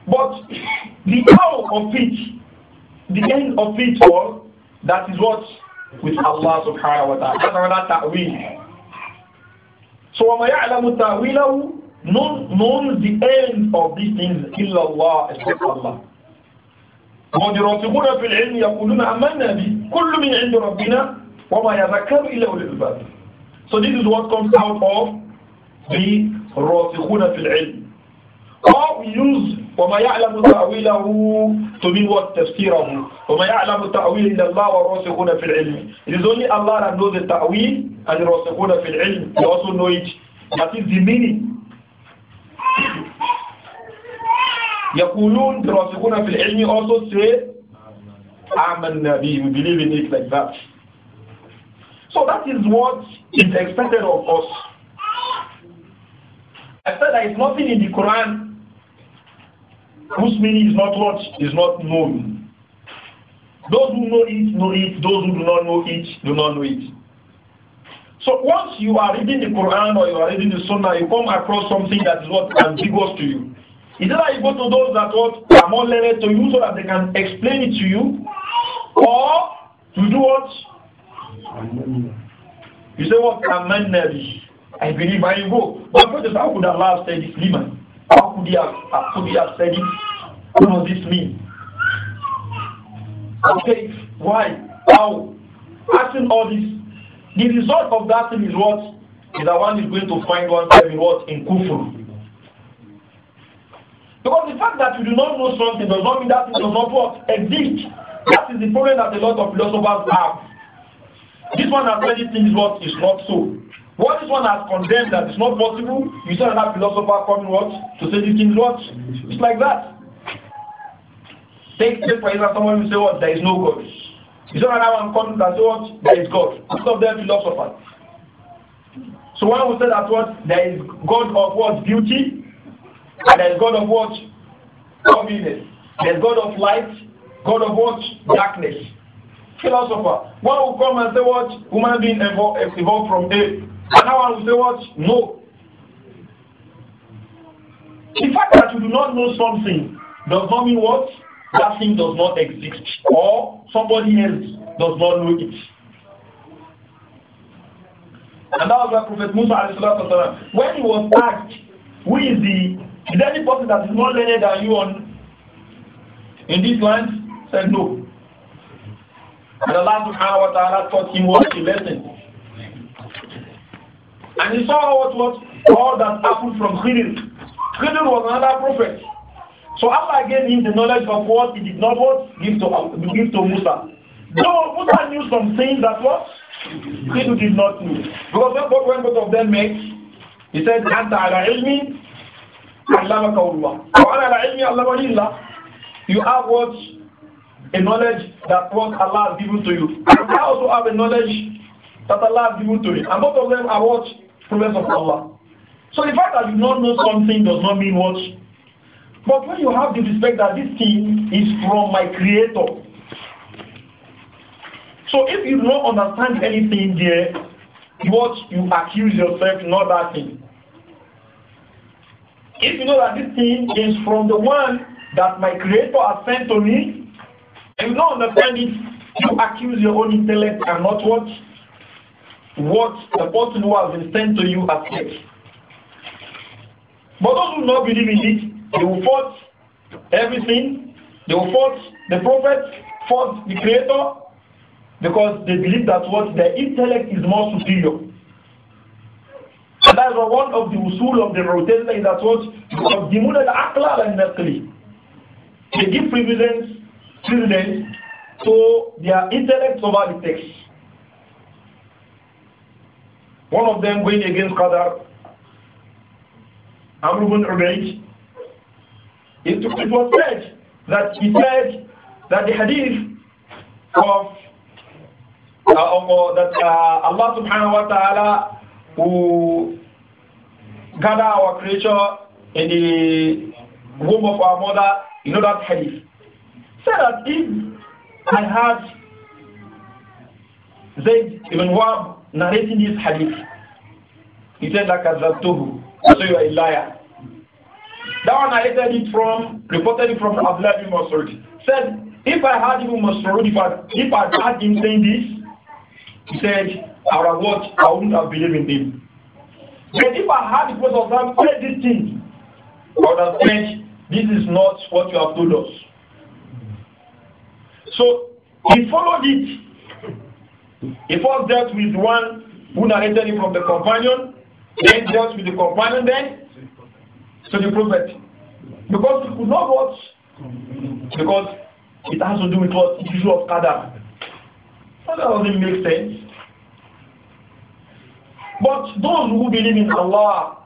But the how of it, the end of it all, that is what? With Allah subhanahu wa ta'ala. That's another ta'wil. So, وَمَا يَعْلَمُ تَعْوِيلَهُ None knows the end of these things, إِلَّا اللَّهِ except Allah. والمدرسون في العلم يقولون أمنا به كل من عند ربنا وما يذكر إلا أولي الألباب So this is what comes out of the راسخون في العلم Or we use وما يعلم تأويله to mean what تفسيره وما يعلم تأويل إلا الله والراسخون في العلم It is only Allah that knows the تأويل and the راسخون في العلم They also know it That is the meaning Yaqulun, Rasikuna fil ilmi also say, Aman Nabi, we believe in it like that. So that is what is expected of us. I said there is nothing in the Quran whose meaning is not what is not known. Those who know it know it, those who do not know it do not know it. So once you are reading the Quran or you are reading the Sunnah, you come across something that is what ambiguous to you. Is it that you go to those that what are more learned to you so that they can explain it to you? Or you do what? You say what? Amendment. I believe I go. But first, how could Allah have said this, Liman? How could he have, how could he have said it? What does this mean? Okay, why? How? Asking all this. The result of that thing is what? Is that one is going to find oneself in what? In kufr. Because the fact that you do not know something does not mean that it does not exist. That is the problem that a lot of philosophers have. This one has many things what is not so. What this one has condemned that it's not possible, you saw another philosopher coming what to say these things what? It's like that. Take, take for example someone who say what there is no God. You saw i one coming that say what there is God. Most of them philosophers. So one who say that what there is God of what beauty, and there is God of what? Godliness. There is God of light, God of what? Darkness. Philosopher. One will come and say what? Human being evolved, evolved from ape. Another one will say what? No. The fact that you do not know something does not mean what? That thing does not exist. Or somebody else does not know it. And that was why Prophet Musa, when he was asked, who is the is there any person that is more learned than you on in this land? Said no. And Allah subhanahu wa ta'ala taught him what he lesson. And he saw what, was all that happened from Khidir. Khidir was another prophet. So Allah gave him the knowledge of what he did not what give to give to Musa. No, Musa knew some things that was Khidir did not know. Because when both of them met, he said, Wa You have what? A knowledge that what Allah has given to you. You also have a knowledge that Allah has given to you. And both of them are what? Prophets of Allah. So the fact that you don't know something does not mean what? But when you have the respect that this thing is from my creator. So if you don't understand anything there, what you accuse yourself, not that thing. If you know that this thing is from the one that my creator has sent to me, and you don't understand it, you accuse your own intellect and not what what the person who has been sent to you has said. But those who do not believe in it, they will fault everything, they will fault the prophet, fault the creator, because they believe that what their intellect is more superior. And that's one of the usul of the Mu'tazila in that what? يقدمون العقل على النقل. They give precedence, precedence to their intellect over the text. One of them going against Qadar, Amr ibn Ubaid, it, it was said that he said that the hadith of, uh, of uh, that uh, Allah subhanahu wa ta'ala who gather our creature in the womb of our mother, you know that hadith. Say that if I had Zayd ibn Wab narrating this hadith, he said, like Azabtuhu, so you are a liar. That one narrated it from, reported it from Abdullah ibn Masrud. Said, if I had Ibn Masrud, if I, if I had him saying this, he said, I would have watched, I wouldn't have believed in him. But if I had the was of God say this thing, I would have said, This is not what you have told us. So he followed it. He first dealt with one who narrated it from the companion, then dealt with the companion, then to the prophet. Because he could not watch. Because it has to do with what? The issue of Kada. That doesn't make sense. But those who believe in Allah,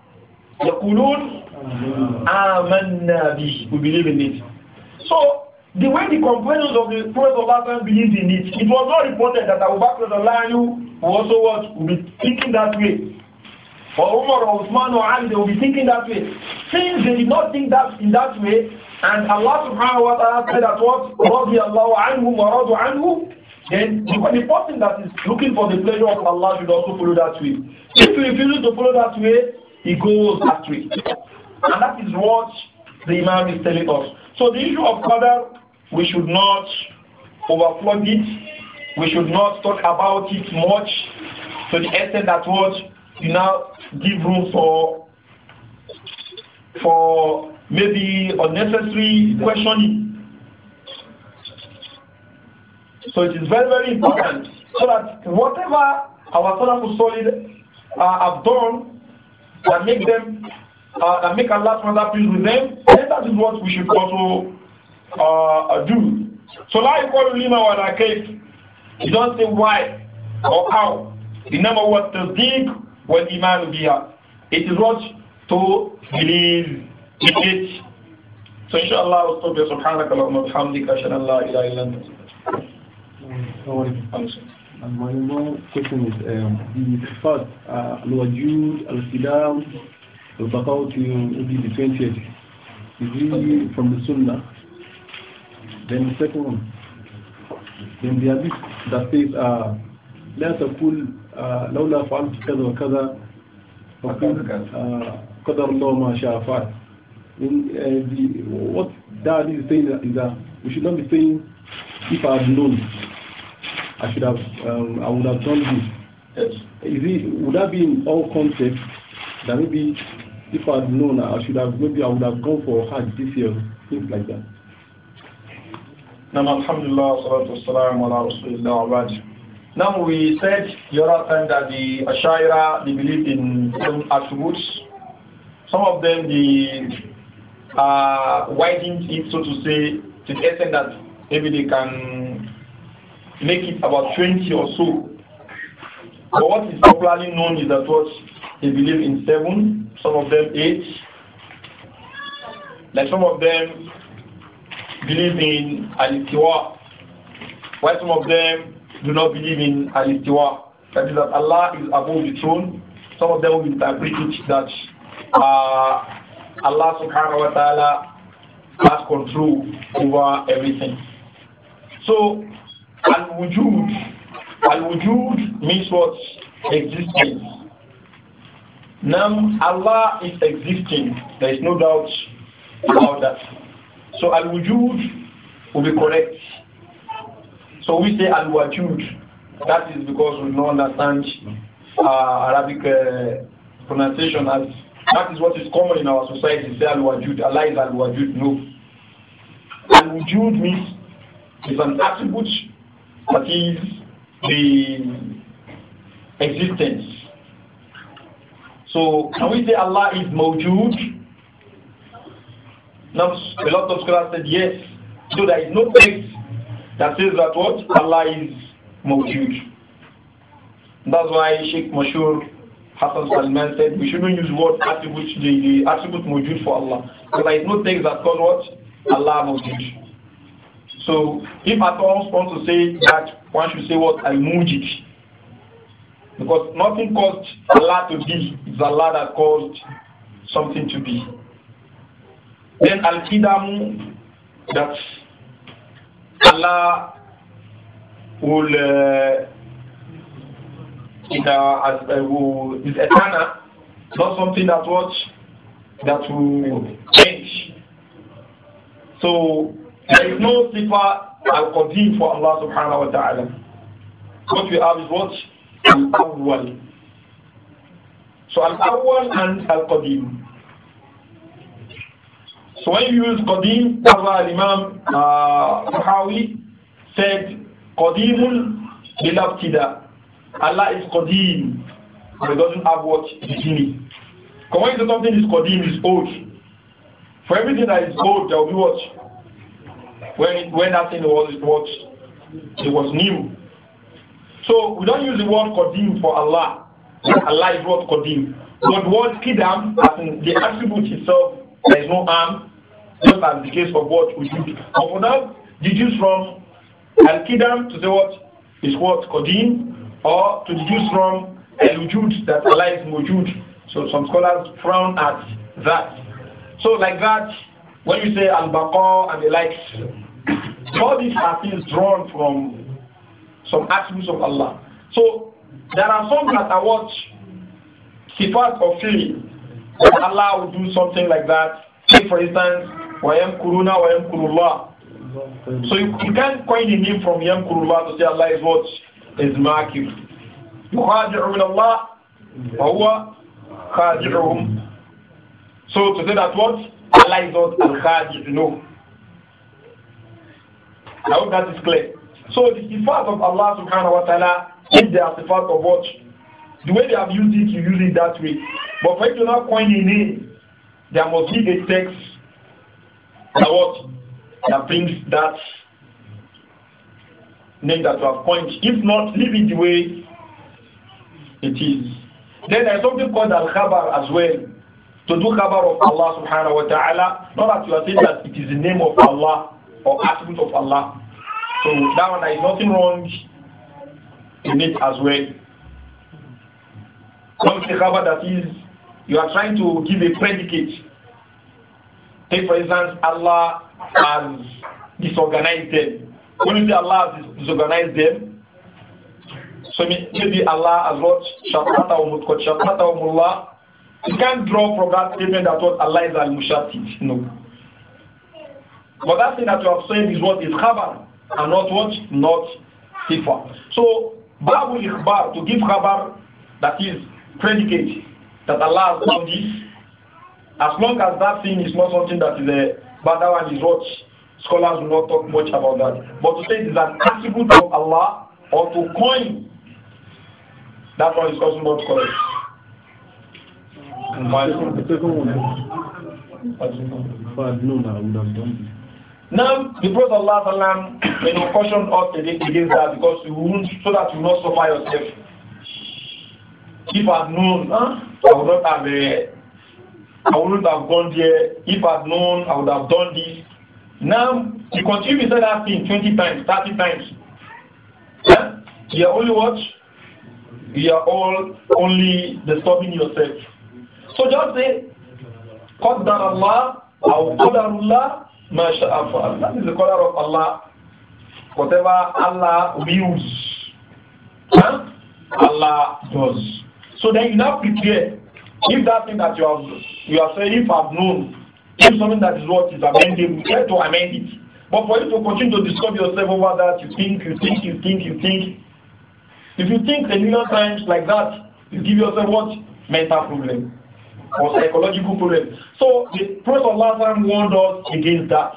يَقُولُونَ آمَنَّا بِهِ We believe in it. So, the way the companions of the Prophet of Allah believed in it, it was not reported that Abu Bakr you who also was, will be thinking that way. Or Umar or Uthman or Ali, they will be thinking that way. Since they did not think that in that way, and Allah subhanahu wa ta'ala said that what? رَضِيَ اللَّهُ عَنْهُمْ وَرَضُوا عَنْهُ then the person that is looking for the pleasure of Allah should also follow that way. If he refuses to follow that way, he goes astray. And that is what the Imam is telling us. So the issue of Qadar, we should not overflow it. We should not talk about it much to the extent that what you now give room for for maybe unnecessary questioning. So it is very, very important so that whatever our Salafus Solid uh, have done that make them, uh, that make Allah SWT pleased with them, then that is what we should also uh, uh do. So like what Lima was our case, you don't say why or how. The number was the dig when Iman biha. It is what to believe in it. So inshallah, we'll stop here. Subhanaka Allahumma bihamdika. Ashhadu an la ilaha illa الثوابت functions. My more question is um, the first الوجود الخدام التقاوت will the 20th. Is it from the Sunnah? Then the second one. Then the hadith that says لا تقول لولا فعلت كذا وكذا قدر الله ما شاء فعل. What that is saying is that we should not be saying if I had known I should have, um, I would have done this. Yes. Is it, would that be in all context that maybe if I had known, I should have, maybe I would have gone for Hajj this year, things like that? Now, Now, we said the other time that the Ashaira, they believe in some attributes. Some of them, they uh, widened it, so to say, to the extent that maybe they can make it about 20 or so. But what is popularly known is that what they believe in seven, some of them eight. Like some of them believe in al-istiwa, while some of them do not believe in al-istiwa. That is that Allah is above the throne. Some of them will interpret it that uh, Allah subhanahu wa ta'ala has control over everything. So Al-Wujud. Al-Wujud means what? Existence. Now, Allah is existing. There is no doubt about that. So Al-Wujud will be correct. So we say Al-Wajud. That is because we don't understand uh, Arabic uh, pronunciation as that is what is common in our society. Say Al-Wajud. Allah is Al-Wajud. No. Al-Wujud means it's an attribute that is the existence. So can we say Allah is mawjood? Not a lot of scholars said yes. So there is no text that says that what Allah is mawjood. That's why Sheikh Mashur Hassan Salman said we shouldn't use word attribute the, the attribute mawjood for Allah. Because there is no text that called what Allah mawjood. So if at all want to say that, one should say what al-mujid. Because nothing caused Allah to be, it's Allah that caused something to be. Then al-kidamu, that Allah will, uh, in, uh, as, uh, will is eternal, not something that what that will change. So there is no sifa al-qadim for Allah subhanahu wa ta'ala. What we have is what? Al-awwal. So al-awwal and al-qadim. So when you use qadim, that's why Imam Bukhari uh, said, qadim bil Allah is qadim, but he doesn't have what? Beginning. Because when something is qadim, it's old. For everything that is old, there will be what? when when that thing was what it was new. So we don't use the word Qadim for Allah. Allah is what Qadim. But what word Qidam, as in the attribute itself, there is no harm, just as the case of what we do. But for now, deduce from Al-Qidam to say what is what Qadim, or to deduce from Al-Wujud that Allah is Mujud. So some scholars frown at that. So like that, when you say Al-Baqa and the likes, all these are things drawn from some attributes of Allah. So there are some that I watch sifat of feeling that Allah will do something like that. Say for instance, Wayam Kuruna Wayam Kurullah. So you, you can't coin the name from Yam Kurullah to say Allah is what is marking. So to say that what? Allah is not al-khadi, know. I hope that is clear. So the sifat of Allah subhanahu wa ta'ala, if they are sifat of what? The way they have used it, you use it that way. But for you to not coin a name, there must be a text that what? That brings that name that you have coined. If not, leave it the way it is. Then there's something called Al-Khabar as well. To do Khabar of Allah subhanahu wa ta'ala. Not that you are saying that it is the name of Allah or attribute of Allah. So that one, there is nothing wrong in it as well. Khabar that is, you are trying to give a predicate. Take for instance, Allah has disorganized them. When you say Allah has disorganized them, so maybe Allah has what? Shafata umutkot, shafata umullah. You can't draw from that statement that what Allah is al-mushatit. No. But that thing that you have said is what is khabar and not what? Not sifa. So, is ikhbar, to give khabar, that is predicate, that Allah has done this, as long as that thing is not something that is a one, is what scholars will not talk much about that. But to say it is an attribute of Allah or to coin, that one is also not correct. I now, the Prophet Allah you know, cautioned us against that because you won't, so that you will not suffer yourself. If I'd known, huh, I would not have, uh, I wouldn't have gone there. If I'd known, I would have done this. Now, you continue to say that thing 20 times, 30 times. Yeah? You are only what? You are all only disturbing yourself. So just say, قدر Allah, أو Allah, that is the color of Allah. Whatever Allah wills, huh? Allah does. So then you now prepare. If that thing that you have you are saying, if I've known, if something that is what is amendable, try to amend it. But for you to continue to disturb yourself over that, you think, you think, you think, you think. If you think a million times like that, you give yourself what? Mental problem or psychological problem. So the Prophet Allah warned us against that.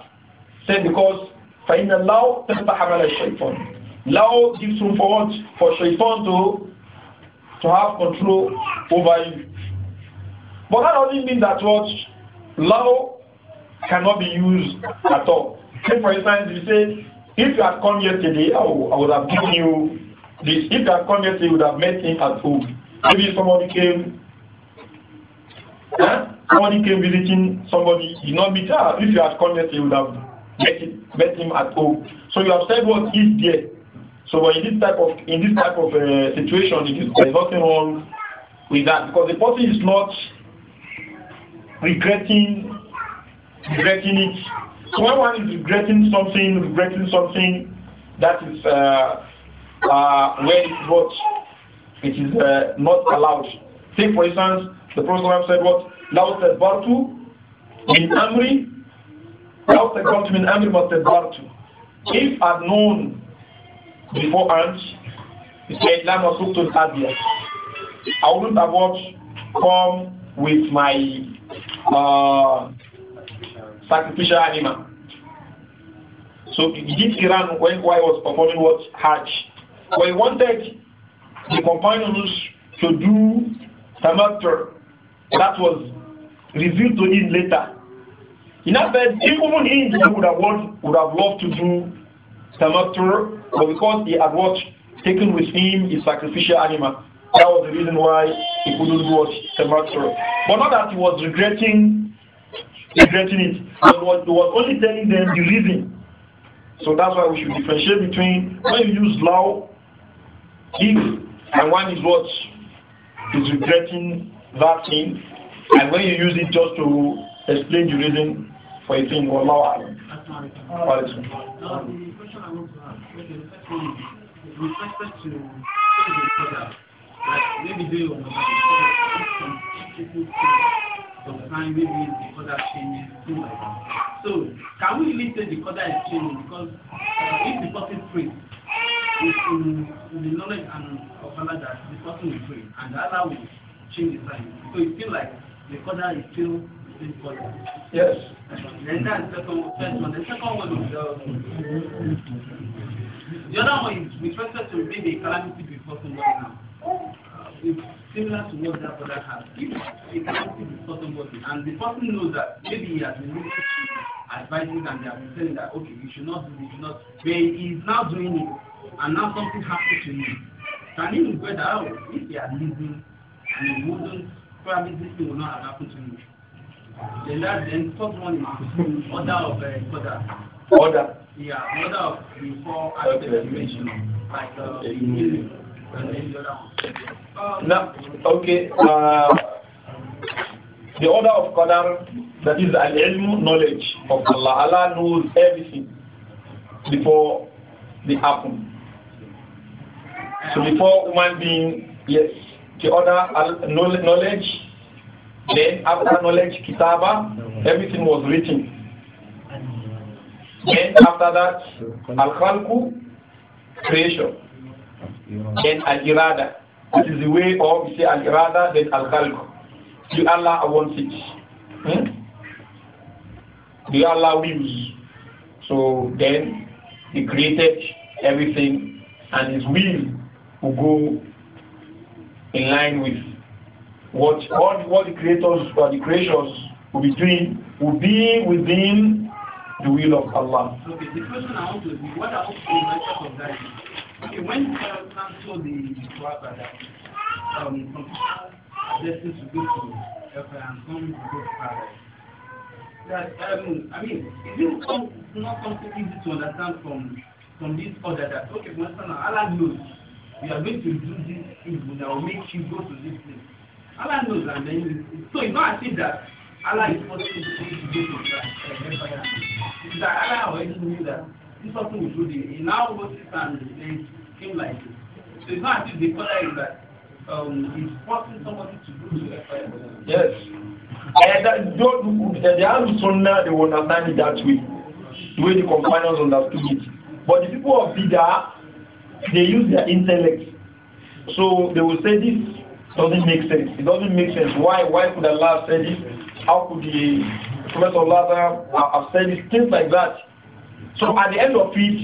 Said because فَإِنَّ اللَّهُ تَسْبَحَ عَلَى الشَّيْطَانِ Law gives room for what? For shaitan to, to have control over you. But that doesn't mean that what? Law cannot be used at all. Say for instance, you say, if you had come yesterday, I would, I would have given you this. If you had come yesterday, you would have met him at home. Maybe somebody came Huh? Eh? Somebody came visiting somebody, you not meet her. Ah, if you had come, yes, you would have met, met him at home. So you have said what is there. So in this type of in this type of uh, situation, it is, there is nothing wrong with that because the person is not regretting regretting it. So when one is regretting something, regretting something, that is uh, uh, where it is what it is uh, not allowed. Take for instance, the Prophet said what? Amri.' Now said Bartu in Amri, but said وَتَدْبَرْتُ If I'd known beforehand, he said, لَا مَسُوْتُ الْأَبْيَةِ I wouldn't have watched come with my uh, sacrificial animal. So he did Iran when I was performing what Hajj. But he wanted the companions to do tamattu, that was revealed to him later. In other, words, even he would have, would have loved to do tamattu, but because he had what taken with him his sacrificial animal, that was the reason why he couldn't do what But not that he was regretting regretting it. He was, he was only telling them the reason. So that's why we should differentiate between when you use law, if, and one is what is regretting that thing and when you use it just to explain the reason for a thing well, law. Um, the question want to ask, with respect to like maybe sometimes maybe the color changes, things like that. So can we really the color is changing? Because uh, if the person prays, it's in, in the knowledge and of Allah that the person will pray, and Allah will change the sign. So you feel like the color is still the same color. Yes. Then that's the second one. The second one is uh, the other one is with respect to maybe a calamity before somebody now. Uh, it's similar to what that brother has. If a calamity before somebody and the person knows that maybe he has been really advising and they have been telling that okay you should not do this, you should not but he is now doing it and now something happens to him. Can he go that oh, if he are lived and a not probably this thing would not have happened to me. The last then one is order of uh, order. Order. Yeah, order of the okay. like uh, okay. the um, no, okay. Uh, the order of Qadar, that is al-ilm, knowledge of Allah. Allah knows everything before they happen. So before human being, yes the other knowledge, then after knowledge, kitaba, everything was written. Then after that, al-khalqu, creation. Then al-irada, that is the way of, you say al-irada, then al-khalqu. You Allah wants it? Hmm? Allah wills? So then He created everything and His will will go in line with what all what the creators or the creations will be doing will be within the will of Allah. Okay, the question I want to is what are the of that? Okay, when Islam told the Prophet that um, some blessings to go to heaven some to go to paradise, that um, I mean, is it some, not something easy to understand from from this order that okay, for instance, Allah knows we are going to do this thing that will make you go to this place. Allah knows and then so it's not I if that Allah is forcing you to go to that empire. It's that Allah already knew that this person will do this. He now forces and then came like this. So it's not I if the color is that um, he's forcing somebody to go to empire. Yes. And eh, that, don't, the Ahlul Sunnah, they will understand it that way, the way the companions understood it. But the people of Bida. They use their intellect. So they will say this doesn't make sense. It doesn't make sense. Why? Why could Allah say this? How could the Prophet of Allah have said this? Things like that. So at the end of it,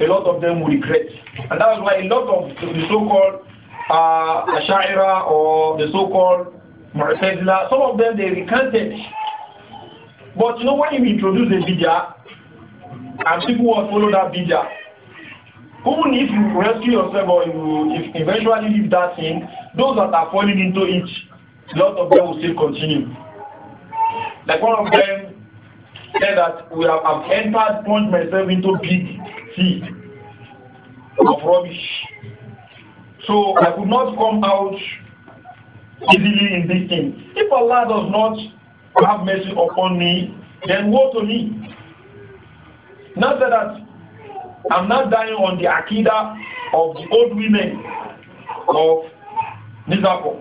a lot of them will regret. And that is why a lot of the so-called uh, Asha'ira or the so-called Mu'tazila, some of them they recanted. But you know when you introduce a video and people will follow that video. Who if you rescue yourself or you if eventually leave that thing, those that are falling into it, a lot of them will still continue. Like one of them said that we have I've entered plunged myself into big sea of rubbish. So I could not come out easily in this thing. If Allah does not have mercy upon me, then woe to me. Not that I'm not dying on the akida of the old women of Nizapur.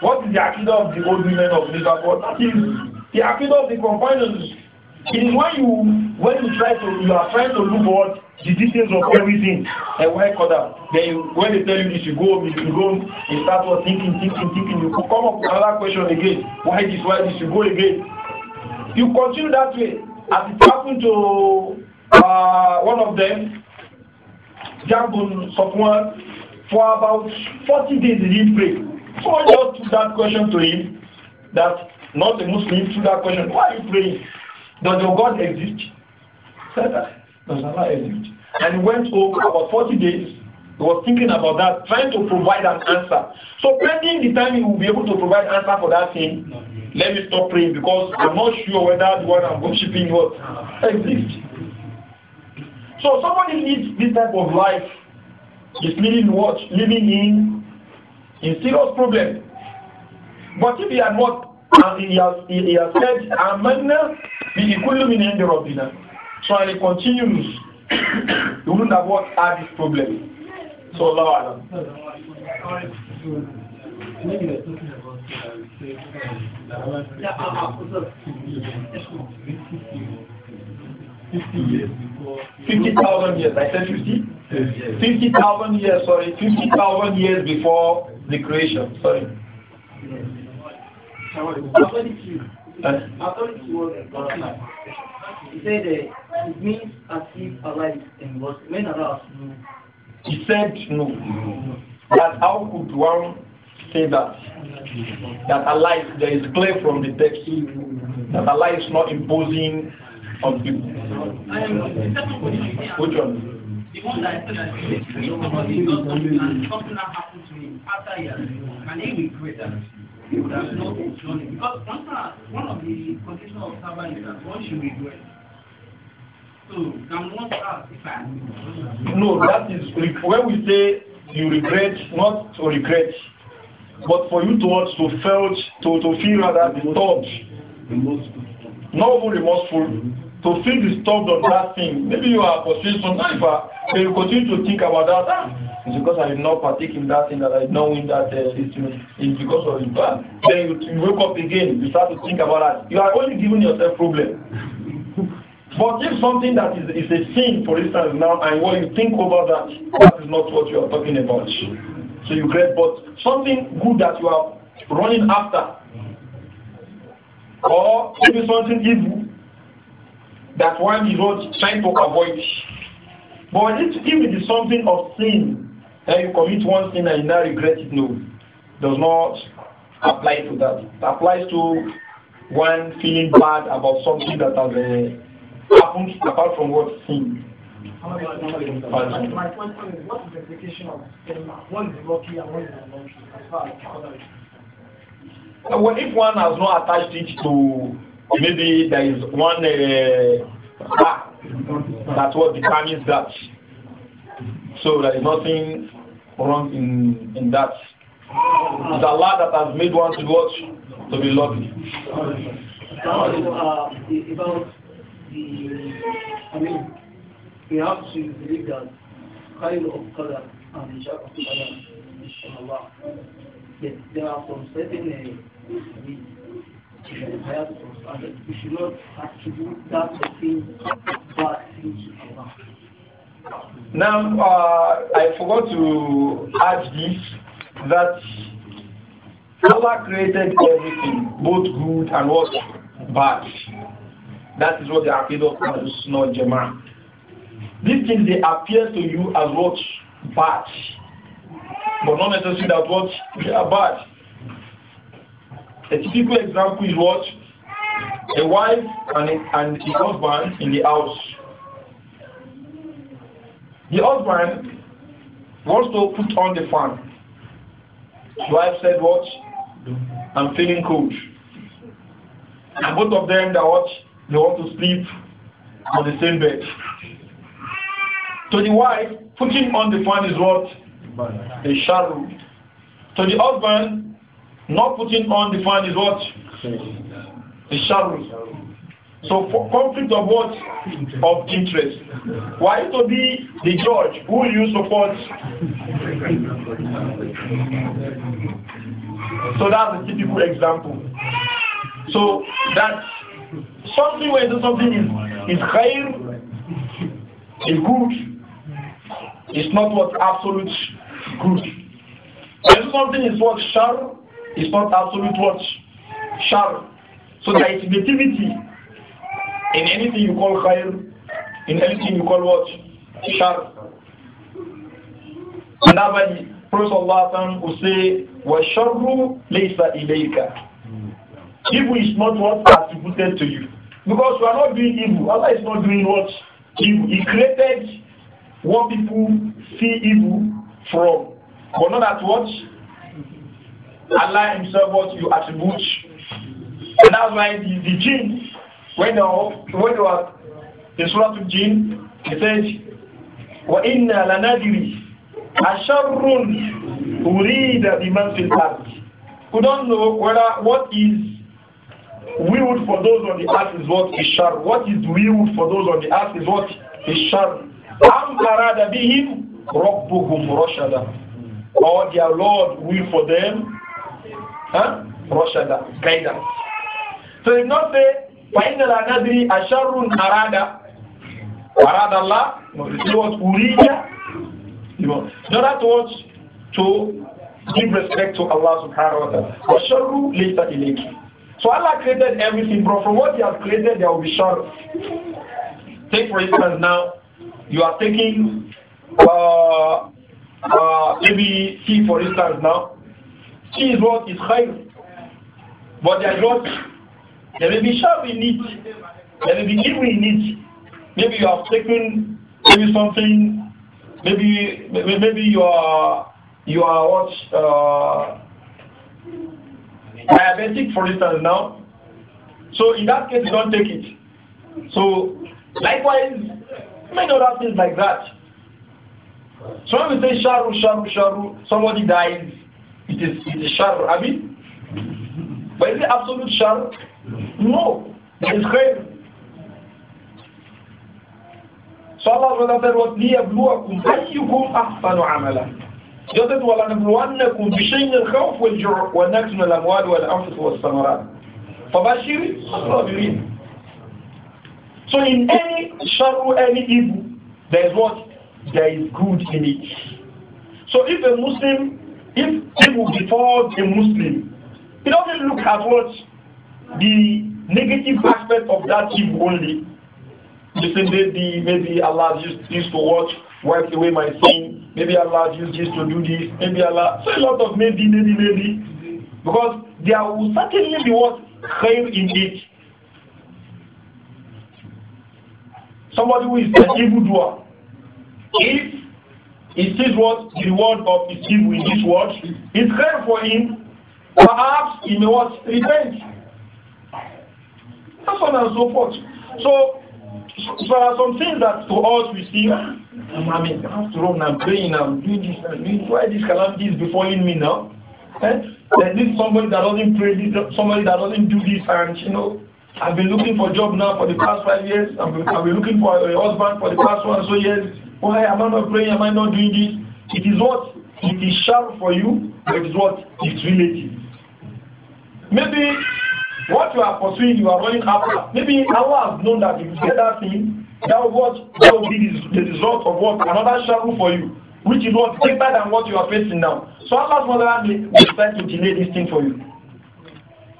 What is the akida of the old women of Nizapur? That is the akida of the companions. It is when you when you try to you are trying to look what the details of everything and why order. Then you, when they tell you this, you go you go you start thinking, thinking, thinking. You come up with another question again. Why this? Why this? You go again. You continue that way. As it happened to uh, one of them, Jambun Sofwan, for about 40 days he didn't pray. Someone just took that question to him, that not a Muslim took that question, why are you praying? Does your God exist? Said *laughs* that. Does Allah exist? And he went home about 40 days. He was thinking about that, trying to provide an answer. So pending the time he will be able to provide answer for that thing, let me stop praying because I'm not sure whether the one I'm worshiping exists. So somebody needs this type of life He's living what living in in serious problem. But if he had not and he has, he has said Amanna bi kullu be indi rabbina. So and he continues, *coughs* he wouldn't have what had this problem. So Lord. Maybe they're talking about uh, 50,000 years. I said 50? 50,000 years, sorry. 50,000 years before the creation, sorry. He said it means as if Allah is was When Allah He said no. That how could one say that that Allah is, there is clear from the text that Allah is not imposing on people. Which one? The one that I said that if somebody does something and something that happened to him after years, and he regrets that, he would have not done it. Because one, one of the conditions of servant is that one should regret. So, can one ask if I No, that is, when we say you regret, not to regret, but for you to to felt to, to feel rather disturbed, not even remorseful, to feel disturbed on that thing. Maybe you are pursuing something. life, but you continue to think about that. it's because I did not partake in that thing that I did not win that uh, It's because of it. then you, you wake up again, you start to think about that. You are only giving yourself problem. But if something that is, is a sin, for instance, now, and what you think over that, that is not what you are talking about. So you regret, but something good that you are running after, or maybe something evil that one is not trying to avoid. But if, if it is something of sin, that you commit one sin and you now regret it, no, does not apply to that. It applies to one feeling bad about something that has uh, happened apart from what sin. My question is, what is the application of saying one is lucky and one is unlucky as far as others? Well, if one has not attached it to maybe there is one uh, that's what determines that. So there is nothing wrong in in that. It's Allah that has made one to watch to be lucky. About, uh, about the, I mean, we have to believe that kind of color and inshallah. Yes, are certain uh, we should not attribute that to bad things to Allah. Now, uh, I forgot to add this that Allah created everything, both good and what bad. That is what the Aqidah of Sunnah Jemaah. These things they appear to you as what bad, but not necessarily that what they are bad. A typical example is what a wife and a, and the husband in the house. The husband wants to put on the fan. The wife said, "What? I'm feeling cold." And both of them, that what? They want to sleep on the same bed. To the wife, putting on the fan is what? A sharu. To the husband, not putting on the fan is what? A sharu. So for conflict of what? Of interest. Why to be the judge who you support? So that's a typical example. So that something when something is is high, is good, it's not what absolute good. When something is what shar, it's not absolute what shar. So there is negativity in anything you call khair, in anything you call what shar. And that's Prophet Allah will say, وَشَرُّ لَيْسَ إِلَيْكَ Evil is not what attributed to you. Because you are not doing evil. Allah is not doing what? Evil. He created what people see evil from. But not at what Allah Himself what you attribute. And that's why the, the jinn, when they were, when they were in Surah to Jinn, he says, وَإِنَّا لَنَدِرِي أَشَرٌ أُرِيدَ بِمَنْ فِي الْأَرْضِ We don't know whether what is willed for those on the earth is what is shar. What is willed for those on the earth is what is shar. أَمْ أَرَادَ بِهِمْ رَبُّهُمْ رَشَدًا Or their Lord will for them huh? رَشَدًا Guidance. So it's not say, فَإِنَّ لَا نَدْرِي أَشَرٌ أَرَادَ أَرَادَ اللَّهِ No, it's what أُرِيدَ You know, in other words, to give respect to Allah subhanahu wa ta'ala. Asharu لَيْسَ إِلَيْكِ so Allah created everything, but from what He has created, there will be short. Take for instance now, you are taking uh, uh, maybe tea for instance now. Tea is what is high, but there is what there may be sharp in it, there may be evil in it. Maybe you have taken maybe something, maybe maybe you are you are what uh, diabetic for instance now. So in that case, you don't take it. So likewise, many other things like that. So when we say sharu, sharu, sharu, somebody dies, it is, it is sharu, I mean. But is it absolute sharu? No, it is khayr. So Allah said, وَلِيَبْلُوَكُمْ أَيُّكُمْ أَحْسَنُ عَمَلًا جدد ولنبلونكم بشيء al الخوف والجوع والنكس من الأموال والأنفس والثمرات فبشر الصابرين So in any sharu, any evil, there is what? There is good in it. So if a Muslim, if evil befalls a Muslim, he doesn't look at what the negative aspect of that evil only. He says maybe, maybe Allah used this to watch, wipe away my sin, maybe Allah used this to do this, maybe Allah so a lot of maybe, maybe, maybe. Because there will certainly be what crime in it. somebody who is an evildoer, if he sees what the reward of his evil in this world, it's clear for him, perhaps he may what repent. So on and so forth. So, so there are some things that to us we see, I mean, after all, I'm praying, I'm doing this, I'm doing why this calamity is befalling me now? Eh? There's this somebody that doesn't pray, this somebody that doesn't do this, and you know, I've been looking for a job now for the past five years. I've been, I've been looking for a husband for the past one so years. Why am I not praying? Am I not doing this? It is what? It is sharp for you, but it is what? It's relative. Maybe what you are pursuing, you are running after. Maybe Allah has known that if you get that thing, that will, what, that will be the result of what? Another shadow for you, which is what? Deeper than what you are facing now. So Allah's mother will decide to delay this thing for you.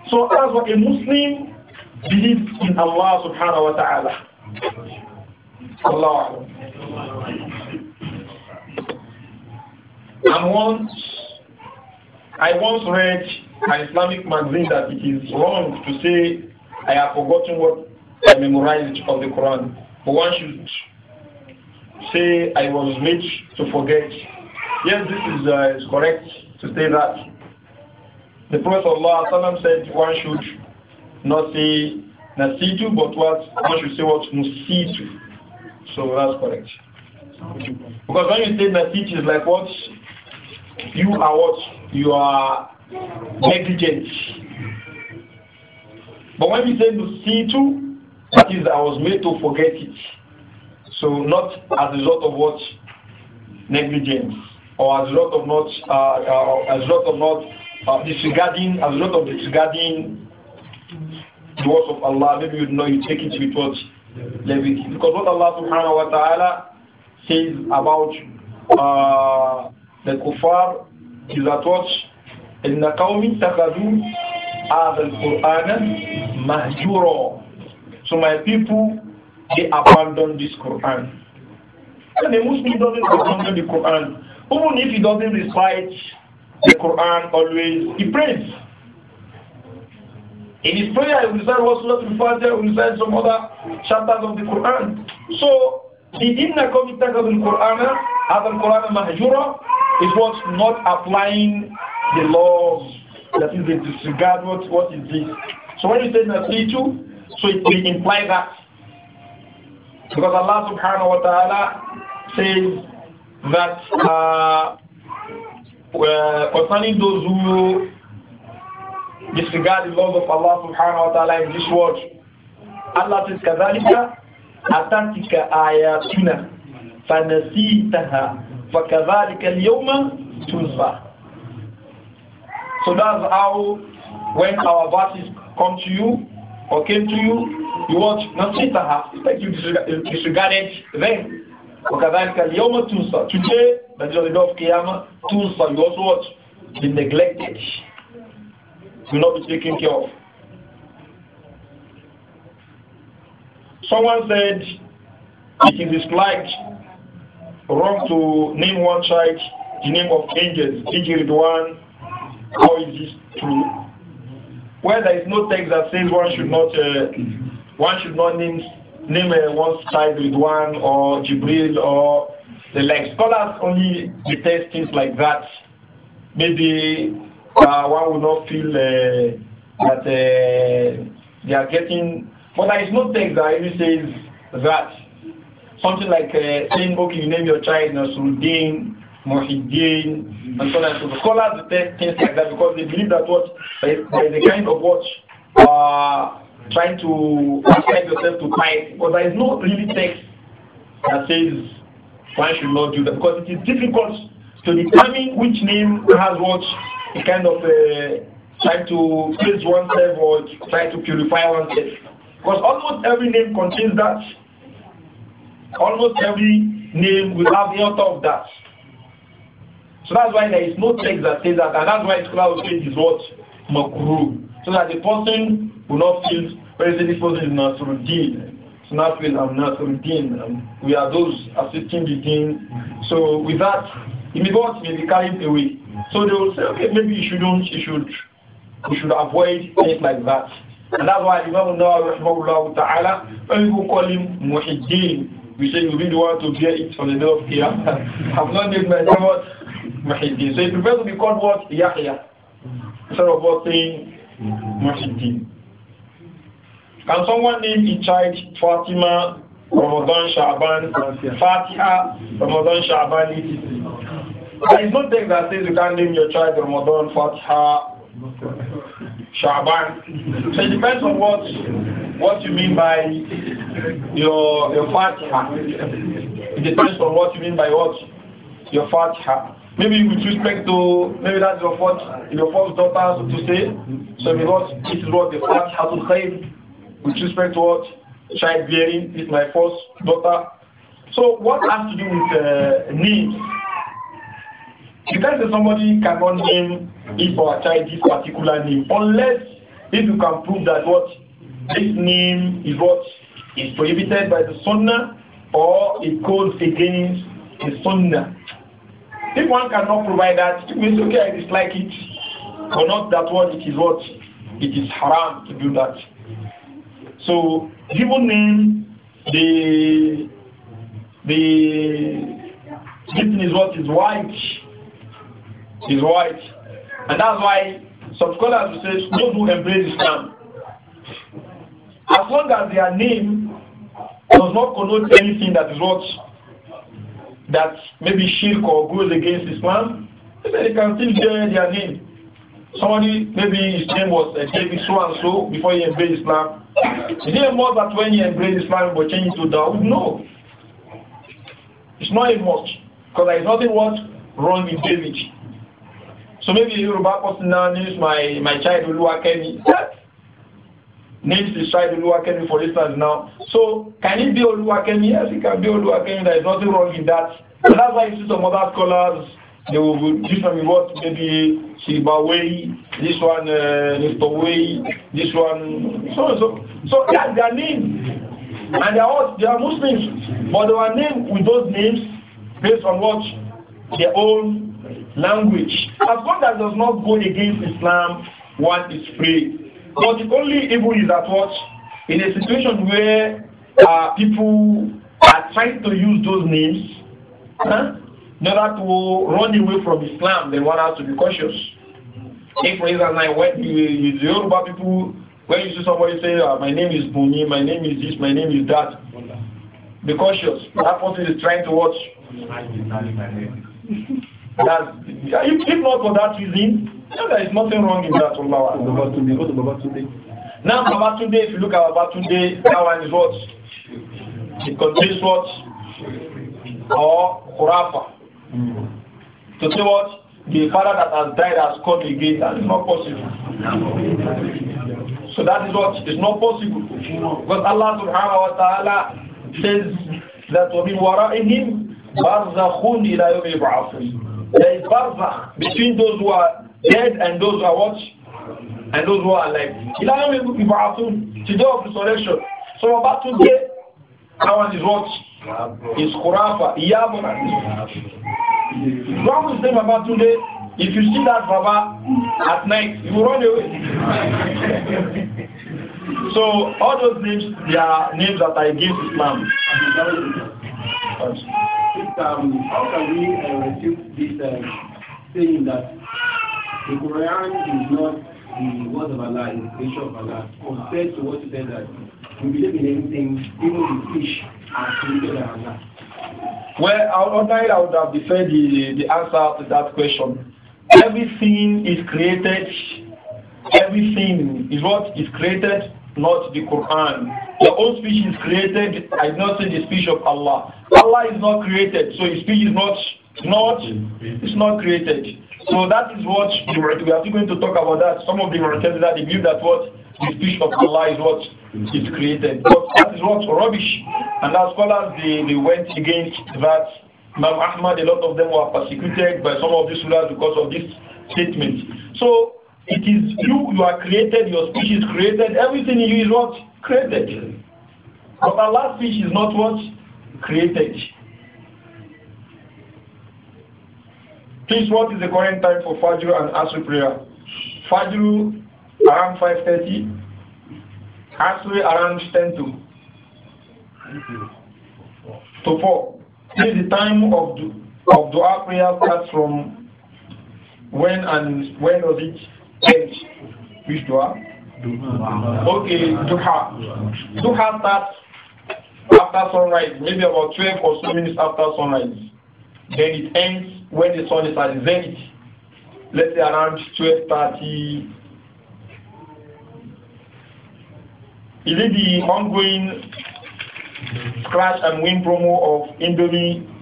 So as what a Muslim Belief in Allah subhanahu wa ta'ala. Allah. And once, I once read an Islamic magazine that it is wrong to say I have forgotten what I memorized of the Quran. But one should say I was made to forget. Yes, this is, uh, correct to say that. The Prophet Allah said one should not say to, but what one you say what to, So that's correct. Because when you say nasitu, it's like what you are what you are negligent. But when you say to, that is I was made to forget it. So not as a result of what negligence or as a result of not uh, uh, as a result of not uh, disregarding as a result of disregarding the words of Allah, maybe you know you take it with what levity. Because what Allah subhanahu wa ta'ala says about uh, the kuffar is that what إن قوم اتخذوا هذا Quran, Mahjuro. So my people, they abandon this Quran. And the Muslim doesn't abandon the Quran. Even if he doesn't recite the Quran always, he prays. In his prayer, he was what Surah al he some other chapters of the Quran. So, the inna komitaka the Quran, Adam Quran mahjura, is what not applying the laws, that is, they disregard what, what is this. So when you say nasitu, so it will imply that. Because Allah subhanahu wa ta'ala says that uh, uh concerning those who disregard the laws of Allah subhanahu wa ta'ala in this world. Allah says, كَذَلِكَ أَتَتِكَ آيَاتُنَا فَنَسِيتَهَا فَكَذَلِكَ الْيَوْمَ تُنْسَى So that's how when our verses come to you or came to you, you watch نَسِيتَهَا It's like you disregarded them. وَكَذَلِكَ الْيَوْمَ تُنْسَى Today, that is on the day of Qiyamah, تُنْسَى You also watch. Been neglected will not be taken care of. Someone said it is disliked wrong to name one child the name of angels, injured one. How is this true? Well, there is no text that says one should not uh, one should not name name uh, child with one or Jibril or the like. Scholars only detest things like that. Maybe uh, one will not feel uh, that uh, they are getting. But there is no text that even says that. Something like uh, saying, okay, you name your child Nasruddin, Mohiddin, and so on and so forth. Scholars detect things like that because they believe that what by the kind of what uh, trying to assign yourself to pipe. But there is no really text that says one should not do that because it is difficult to determine which name has what he kind of uh, to cleanse oneself or try to purify oneself. Because almost every name contains that. Almost every name will have the author of that. So that's why there is no text that says that, and that's why scholars say is what Makuru, so that the person will not feel. Where is this person is Nasruddin? So not feel I'm Nasruddin. Um, we are those assisting the deen. So with that, the may be carried away. So they will say, okay, maybe you shouldn't, you should, you should avoid things like that. And that's why Imam Nawawi Ta'ala, when people call him Muhiddin, we say you really want to hear it from the day of Qiyamah. *laughs* I've not named myself what? Muhiddin. So he prefers to be called what? Yahya. Instead of what saying Muhiddin. Can someone name a child Fatima, Ramadan, Sha'ban, Fatiha, Ramadan, Sha'ban, there is no thing that says you can't name your child Ramadan, Fatha, Shaban. So it depends on what what you mean by your your Fatiha. It depends on what you mean by what your father. Maybe with respect to maybe that's your fourth your fourth daughter so to say. So because this is what the has to say with respect to what bearing is my first daughter. So what has to do with uh, names? You can't say somebody cannot name his or her child this particular name unless if you can prove that what this name is what is prohibited by the sunnah or it goes against the sunnah. If one cannot provide that, it means okay, I dislike it. But not that what it is what? It is haram to do that. So given name the the this is what is white is right. And that's why some scholars will say those who embrace Islam, as long as their name does not connote anything that is what that maybe shirk or goes against Islam, they can still bear their name. Somebody, maybe his name was uh, David so and so before he embraced Islam. Is it a must that when he embraced Islam, he was changed to Dawood? No. It's not a must. Because there is nothing what wrong in David. So maybe a Yoruba person now names my, my child Oluwakemi. names his child any. for instance, now. So can it be Oluwakemi? Yes, it can be Oluwakemi. There is nothing wrong in that. So that's why you see some other scholars, they will give this what maybe Shibawei, this one uh, Mr. Wei, this one, so so. So that's their name. And they are, all, they are Muslims, but they were named with those names based on what? Their own language. As long as does not go against Islam, one is free. But the only evil is that what? In a situation where uh, people are trying to use those names huh, in order to run away from Islam, then one has to be cautious. If, for instance, like when you, the Yoruba people, when you see somebody say, ah, my name is Buni, my name is this, my name is that, be cautious. That person is trying to watch. That if, not for that reason, no, there is nothing wrong in that. Allah. Babatunde, go to Babatunde. Now Babatunde, if you look at Babatunde, that one is what? It contains what? Or Khurafa. Hmm. To say what? The father that has died has come again. That is not possible. So that is what is not possible. Because Allah subhanahu wa ta'ala says that وَمِنْ وَرَائِهِمْ بَرْزَخُونَ إِلَى يَوْمِ يُبْعَثُونَ there is barzakh between those who are dead and those who are what? And those who are alive. Ilayom Ebu Ibaratun, the day of resurrection. So about today, that one is what? Is Khurafa, Iyabuna. What was name about today? If you see that Baba at night, you run away. *laughs* so all those names, they are names that I give Islam. Hajj. um, how can we uh, refute this uh, saying that the Quran is not the word of Allah, the creation of Allah, compared to what you said that we believe in anything, even the fish, are created by Allah? Well, ordinarily I would have deferred the, the answer to that question. Everything is created, everything is what is created not the Quran. Your own speech is created. I did not say the speech of Allah. Allah is not created, so his speech is not not it's not created. So that is what we are going to talk about that. Some of the that they believe that what the speech of Allah is what is created. But that is what rubbish. And as scholars they, they went against that. Imam Ahmad, a lot of them were persecuted by some of the scholars because of this statement. So it is you, you are created, your speech is created, everything in you is what? Created. But Allah's speech is not what? Created. Please, what is the current time for Fajr and Asr prayer? Fajr around 5.30, Asr around 10 to, to 4. This the time of, of dua prayer starts from when and when was it? end which dua? Okay, duha. Duha starts after sunrise, maybe about 12 or so minutes after sunrise. Then it ends when the sun is at the zenith. Let's say around 12.30. Is it the ongoing scratch and win promo of Indomie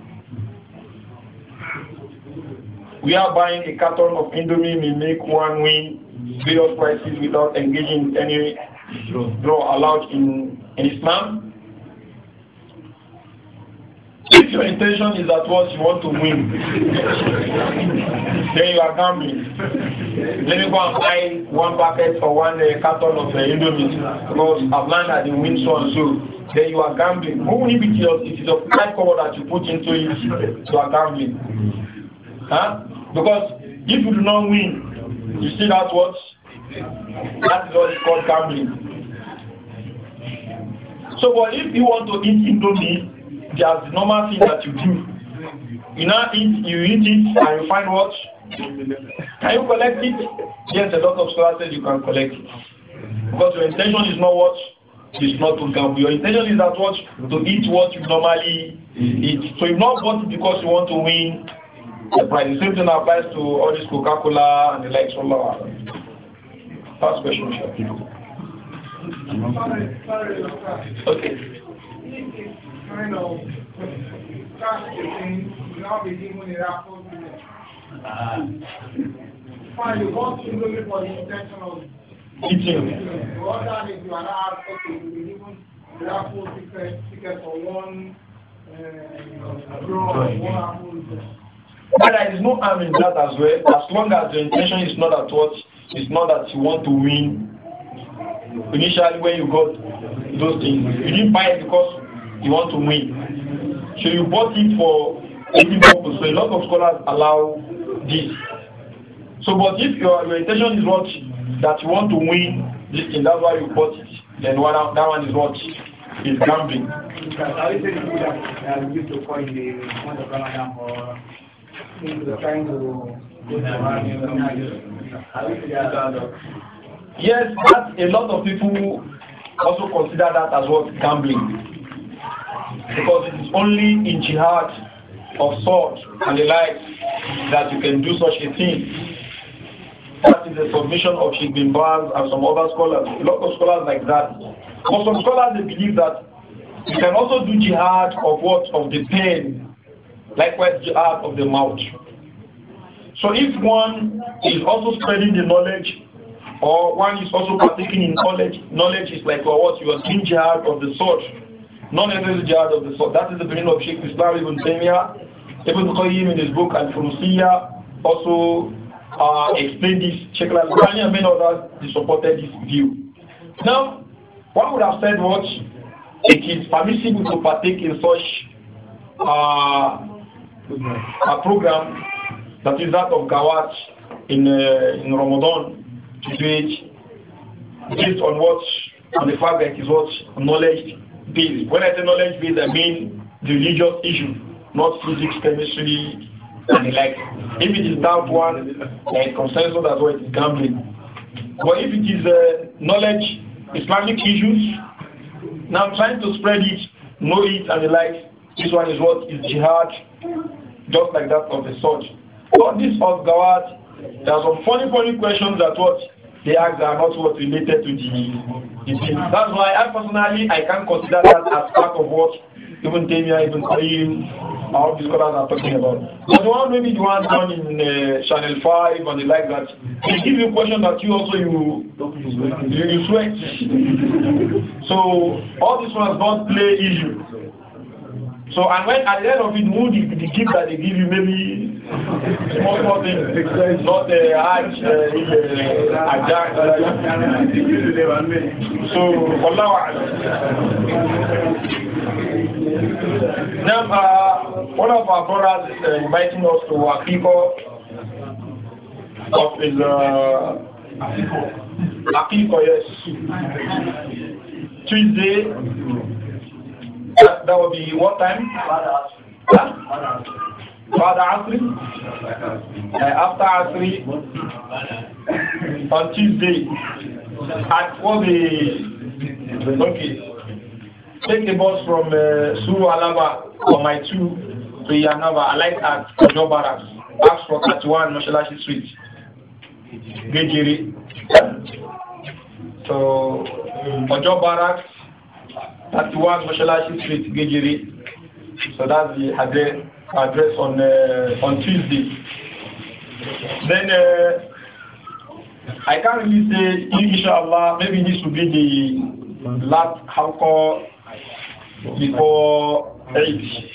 we are buying a carton of Indomie, we make one win, various prices without engaging any draw allowed in, in Islam. If your intention is that what you want to win, *laughs* then you are gambling. Let me go and buy one packet or one uh, carton of uh, Indomie because I've learned that you win so and so. Then you are gambling. Only because it is a black cover that you put into it, you are gambling. Huh? Because if you do not win, you see that what? That is what is called gambling. So, but if you want to eat Indomie, there's the normal thing that you do. You now eat, you eat it, and you find what? Can you collect it? Yes, a lot of scholars you can collect it. Because your intention is not what? It's not to gamble. Your intention is that what? To eat what you normally eat. So you've not bought it because you want to win the The same thing applies to all this Coca-Cola and the likes of Allah. That's question. Okay. Finally, what you for the intention of What you are not okay, for one uh, but there is no harm in that as well, as long as the intention is not that it's not that you want to win. Initially, when you got those things, you didn't buy it because you want to win. So you bought it for any purpose. So a lot of scholars allow this. So, but if your, your intention is not that you want to win this thing, that's why you bought it. Then one, that one is what is gambling. Yes, but a lot of people also consider that as what gambling. Because it is only in jihad of sword and the like that you can do such a thing. That is the submission of Sheikh Bin Baz and some other scholars, a lot of scholars like that. But some scholars, they believe that you can also do jihad of what? Of the pain Likewise, art of the mouth. So if one is also spreading the knowledge, or one is also partaking in knowledge, knowledge is like well, what you are doing jihad of the sword, not necessarily jihad of the sword. That is the beginning of Sheikh Islam Ibn Taymiyyah. Ibn Qayyim in his book Al-Furusiyya also uh, explained this. Sheikh and many others supported this view. Now, one would have said what? It is permissible to partake in such uh, a program that is that of Gawat in, uh, in Ramadan, to do it based on what, on the fact that is what knowledge based. When I say knowledge based, I mean the religious issue, not physics, chemistry, and the like. If it is that one, like consensus that's why it is gambling. But if it is uh, knowledge, Islamic issues, now I'm trying to spread it, know it, and the like, this one is what is jihad, just like that of the sword. But this of Gawad, there are some funny, funny questions that what they ask are not what related to the, the That's why I personally I can not consider that as part of what even Damien, even all these scholars are talking about. But the one maybe the one done in uh, Channel 5 and the like that, they give you a question that you also you you, you sweat. *laughs* so all this one has not play issue. So, and when at the end of it, who the, the gift that they give you, maybe small, small things, not the Hajj, uh, Hajj. Uh, so, Allah Now, uh, one of our brothers is uh, inviting us to a people of his uh, Akiko, yes. Tuesday, that, that will be what time? Father Asri? Father Asri. after Asri? On Tuesday. At what the... Okay. Take a bus from uh, Suru Alaba or my two to Yanaba. I like at Kojo Barracks. Ask for 31 Moshalashi Street. Gejiri. So, Kojo Barracks. 31 Mashallah Street, Gijiri. So that's the address, address on uh, on Tuesday. Then uh, I can't really say, inshallah, maybe this will be the last halqa before 8.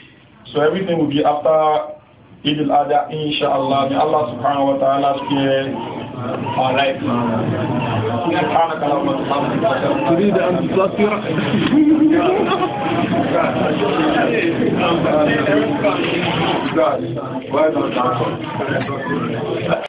So everything will be after إذ الأداء إن شاء الله من الله سبحانه وتعالى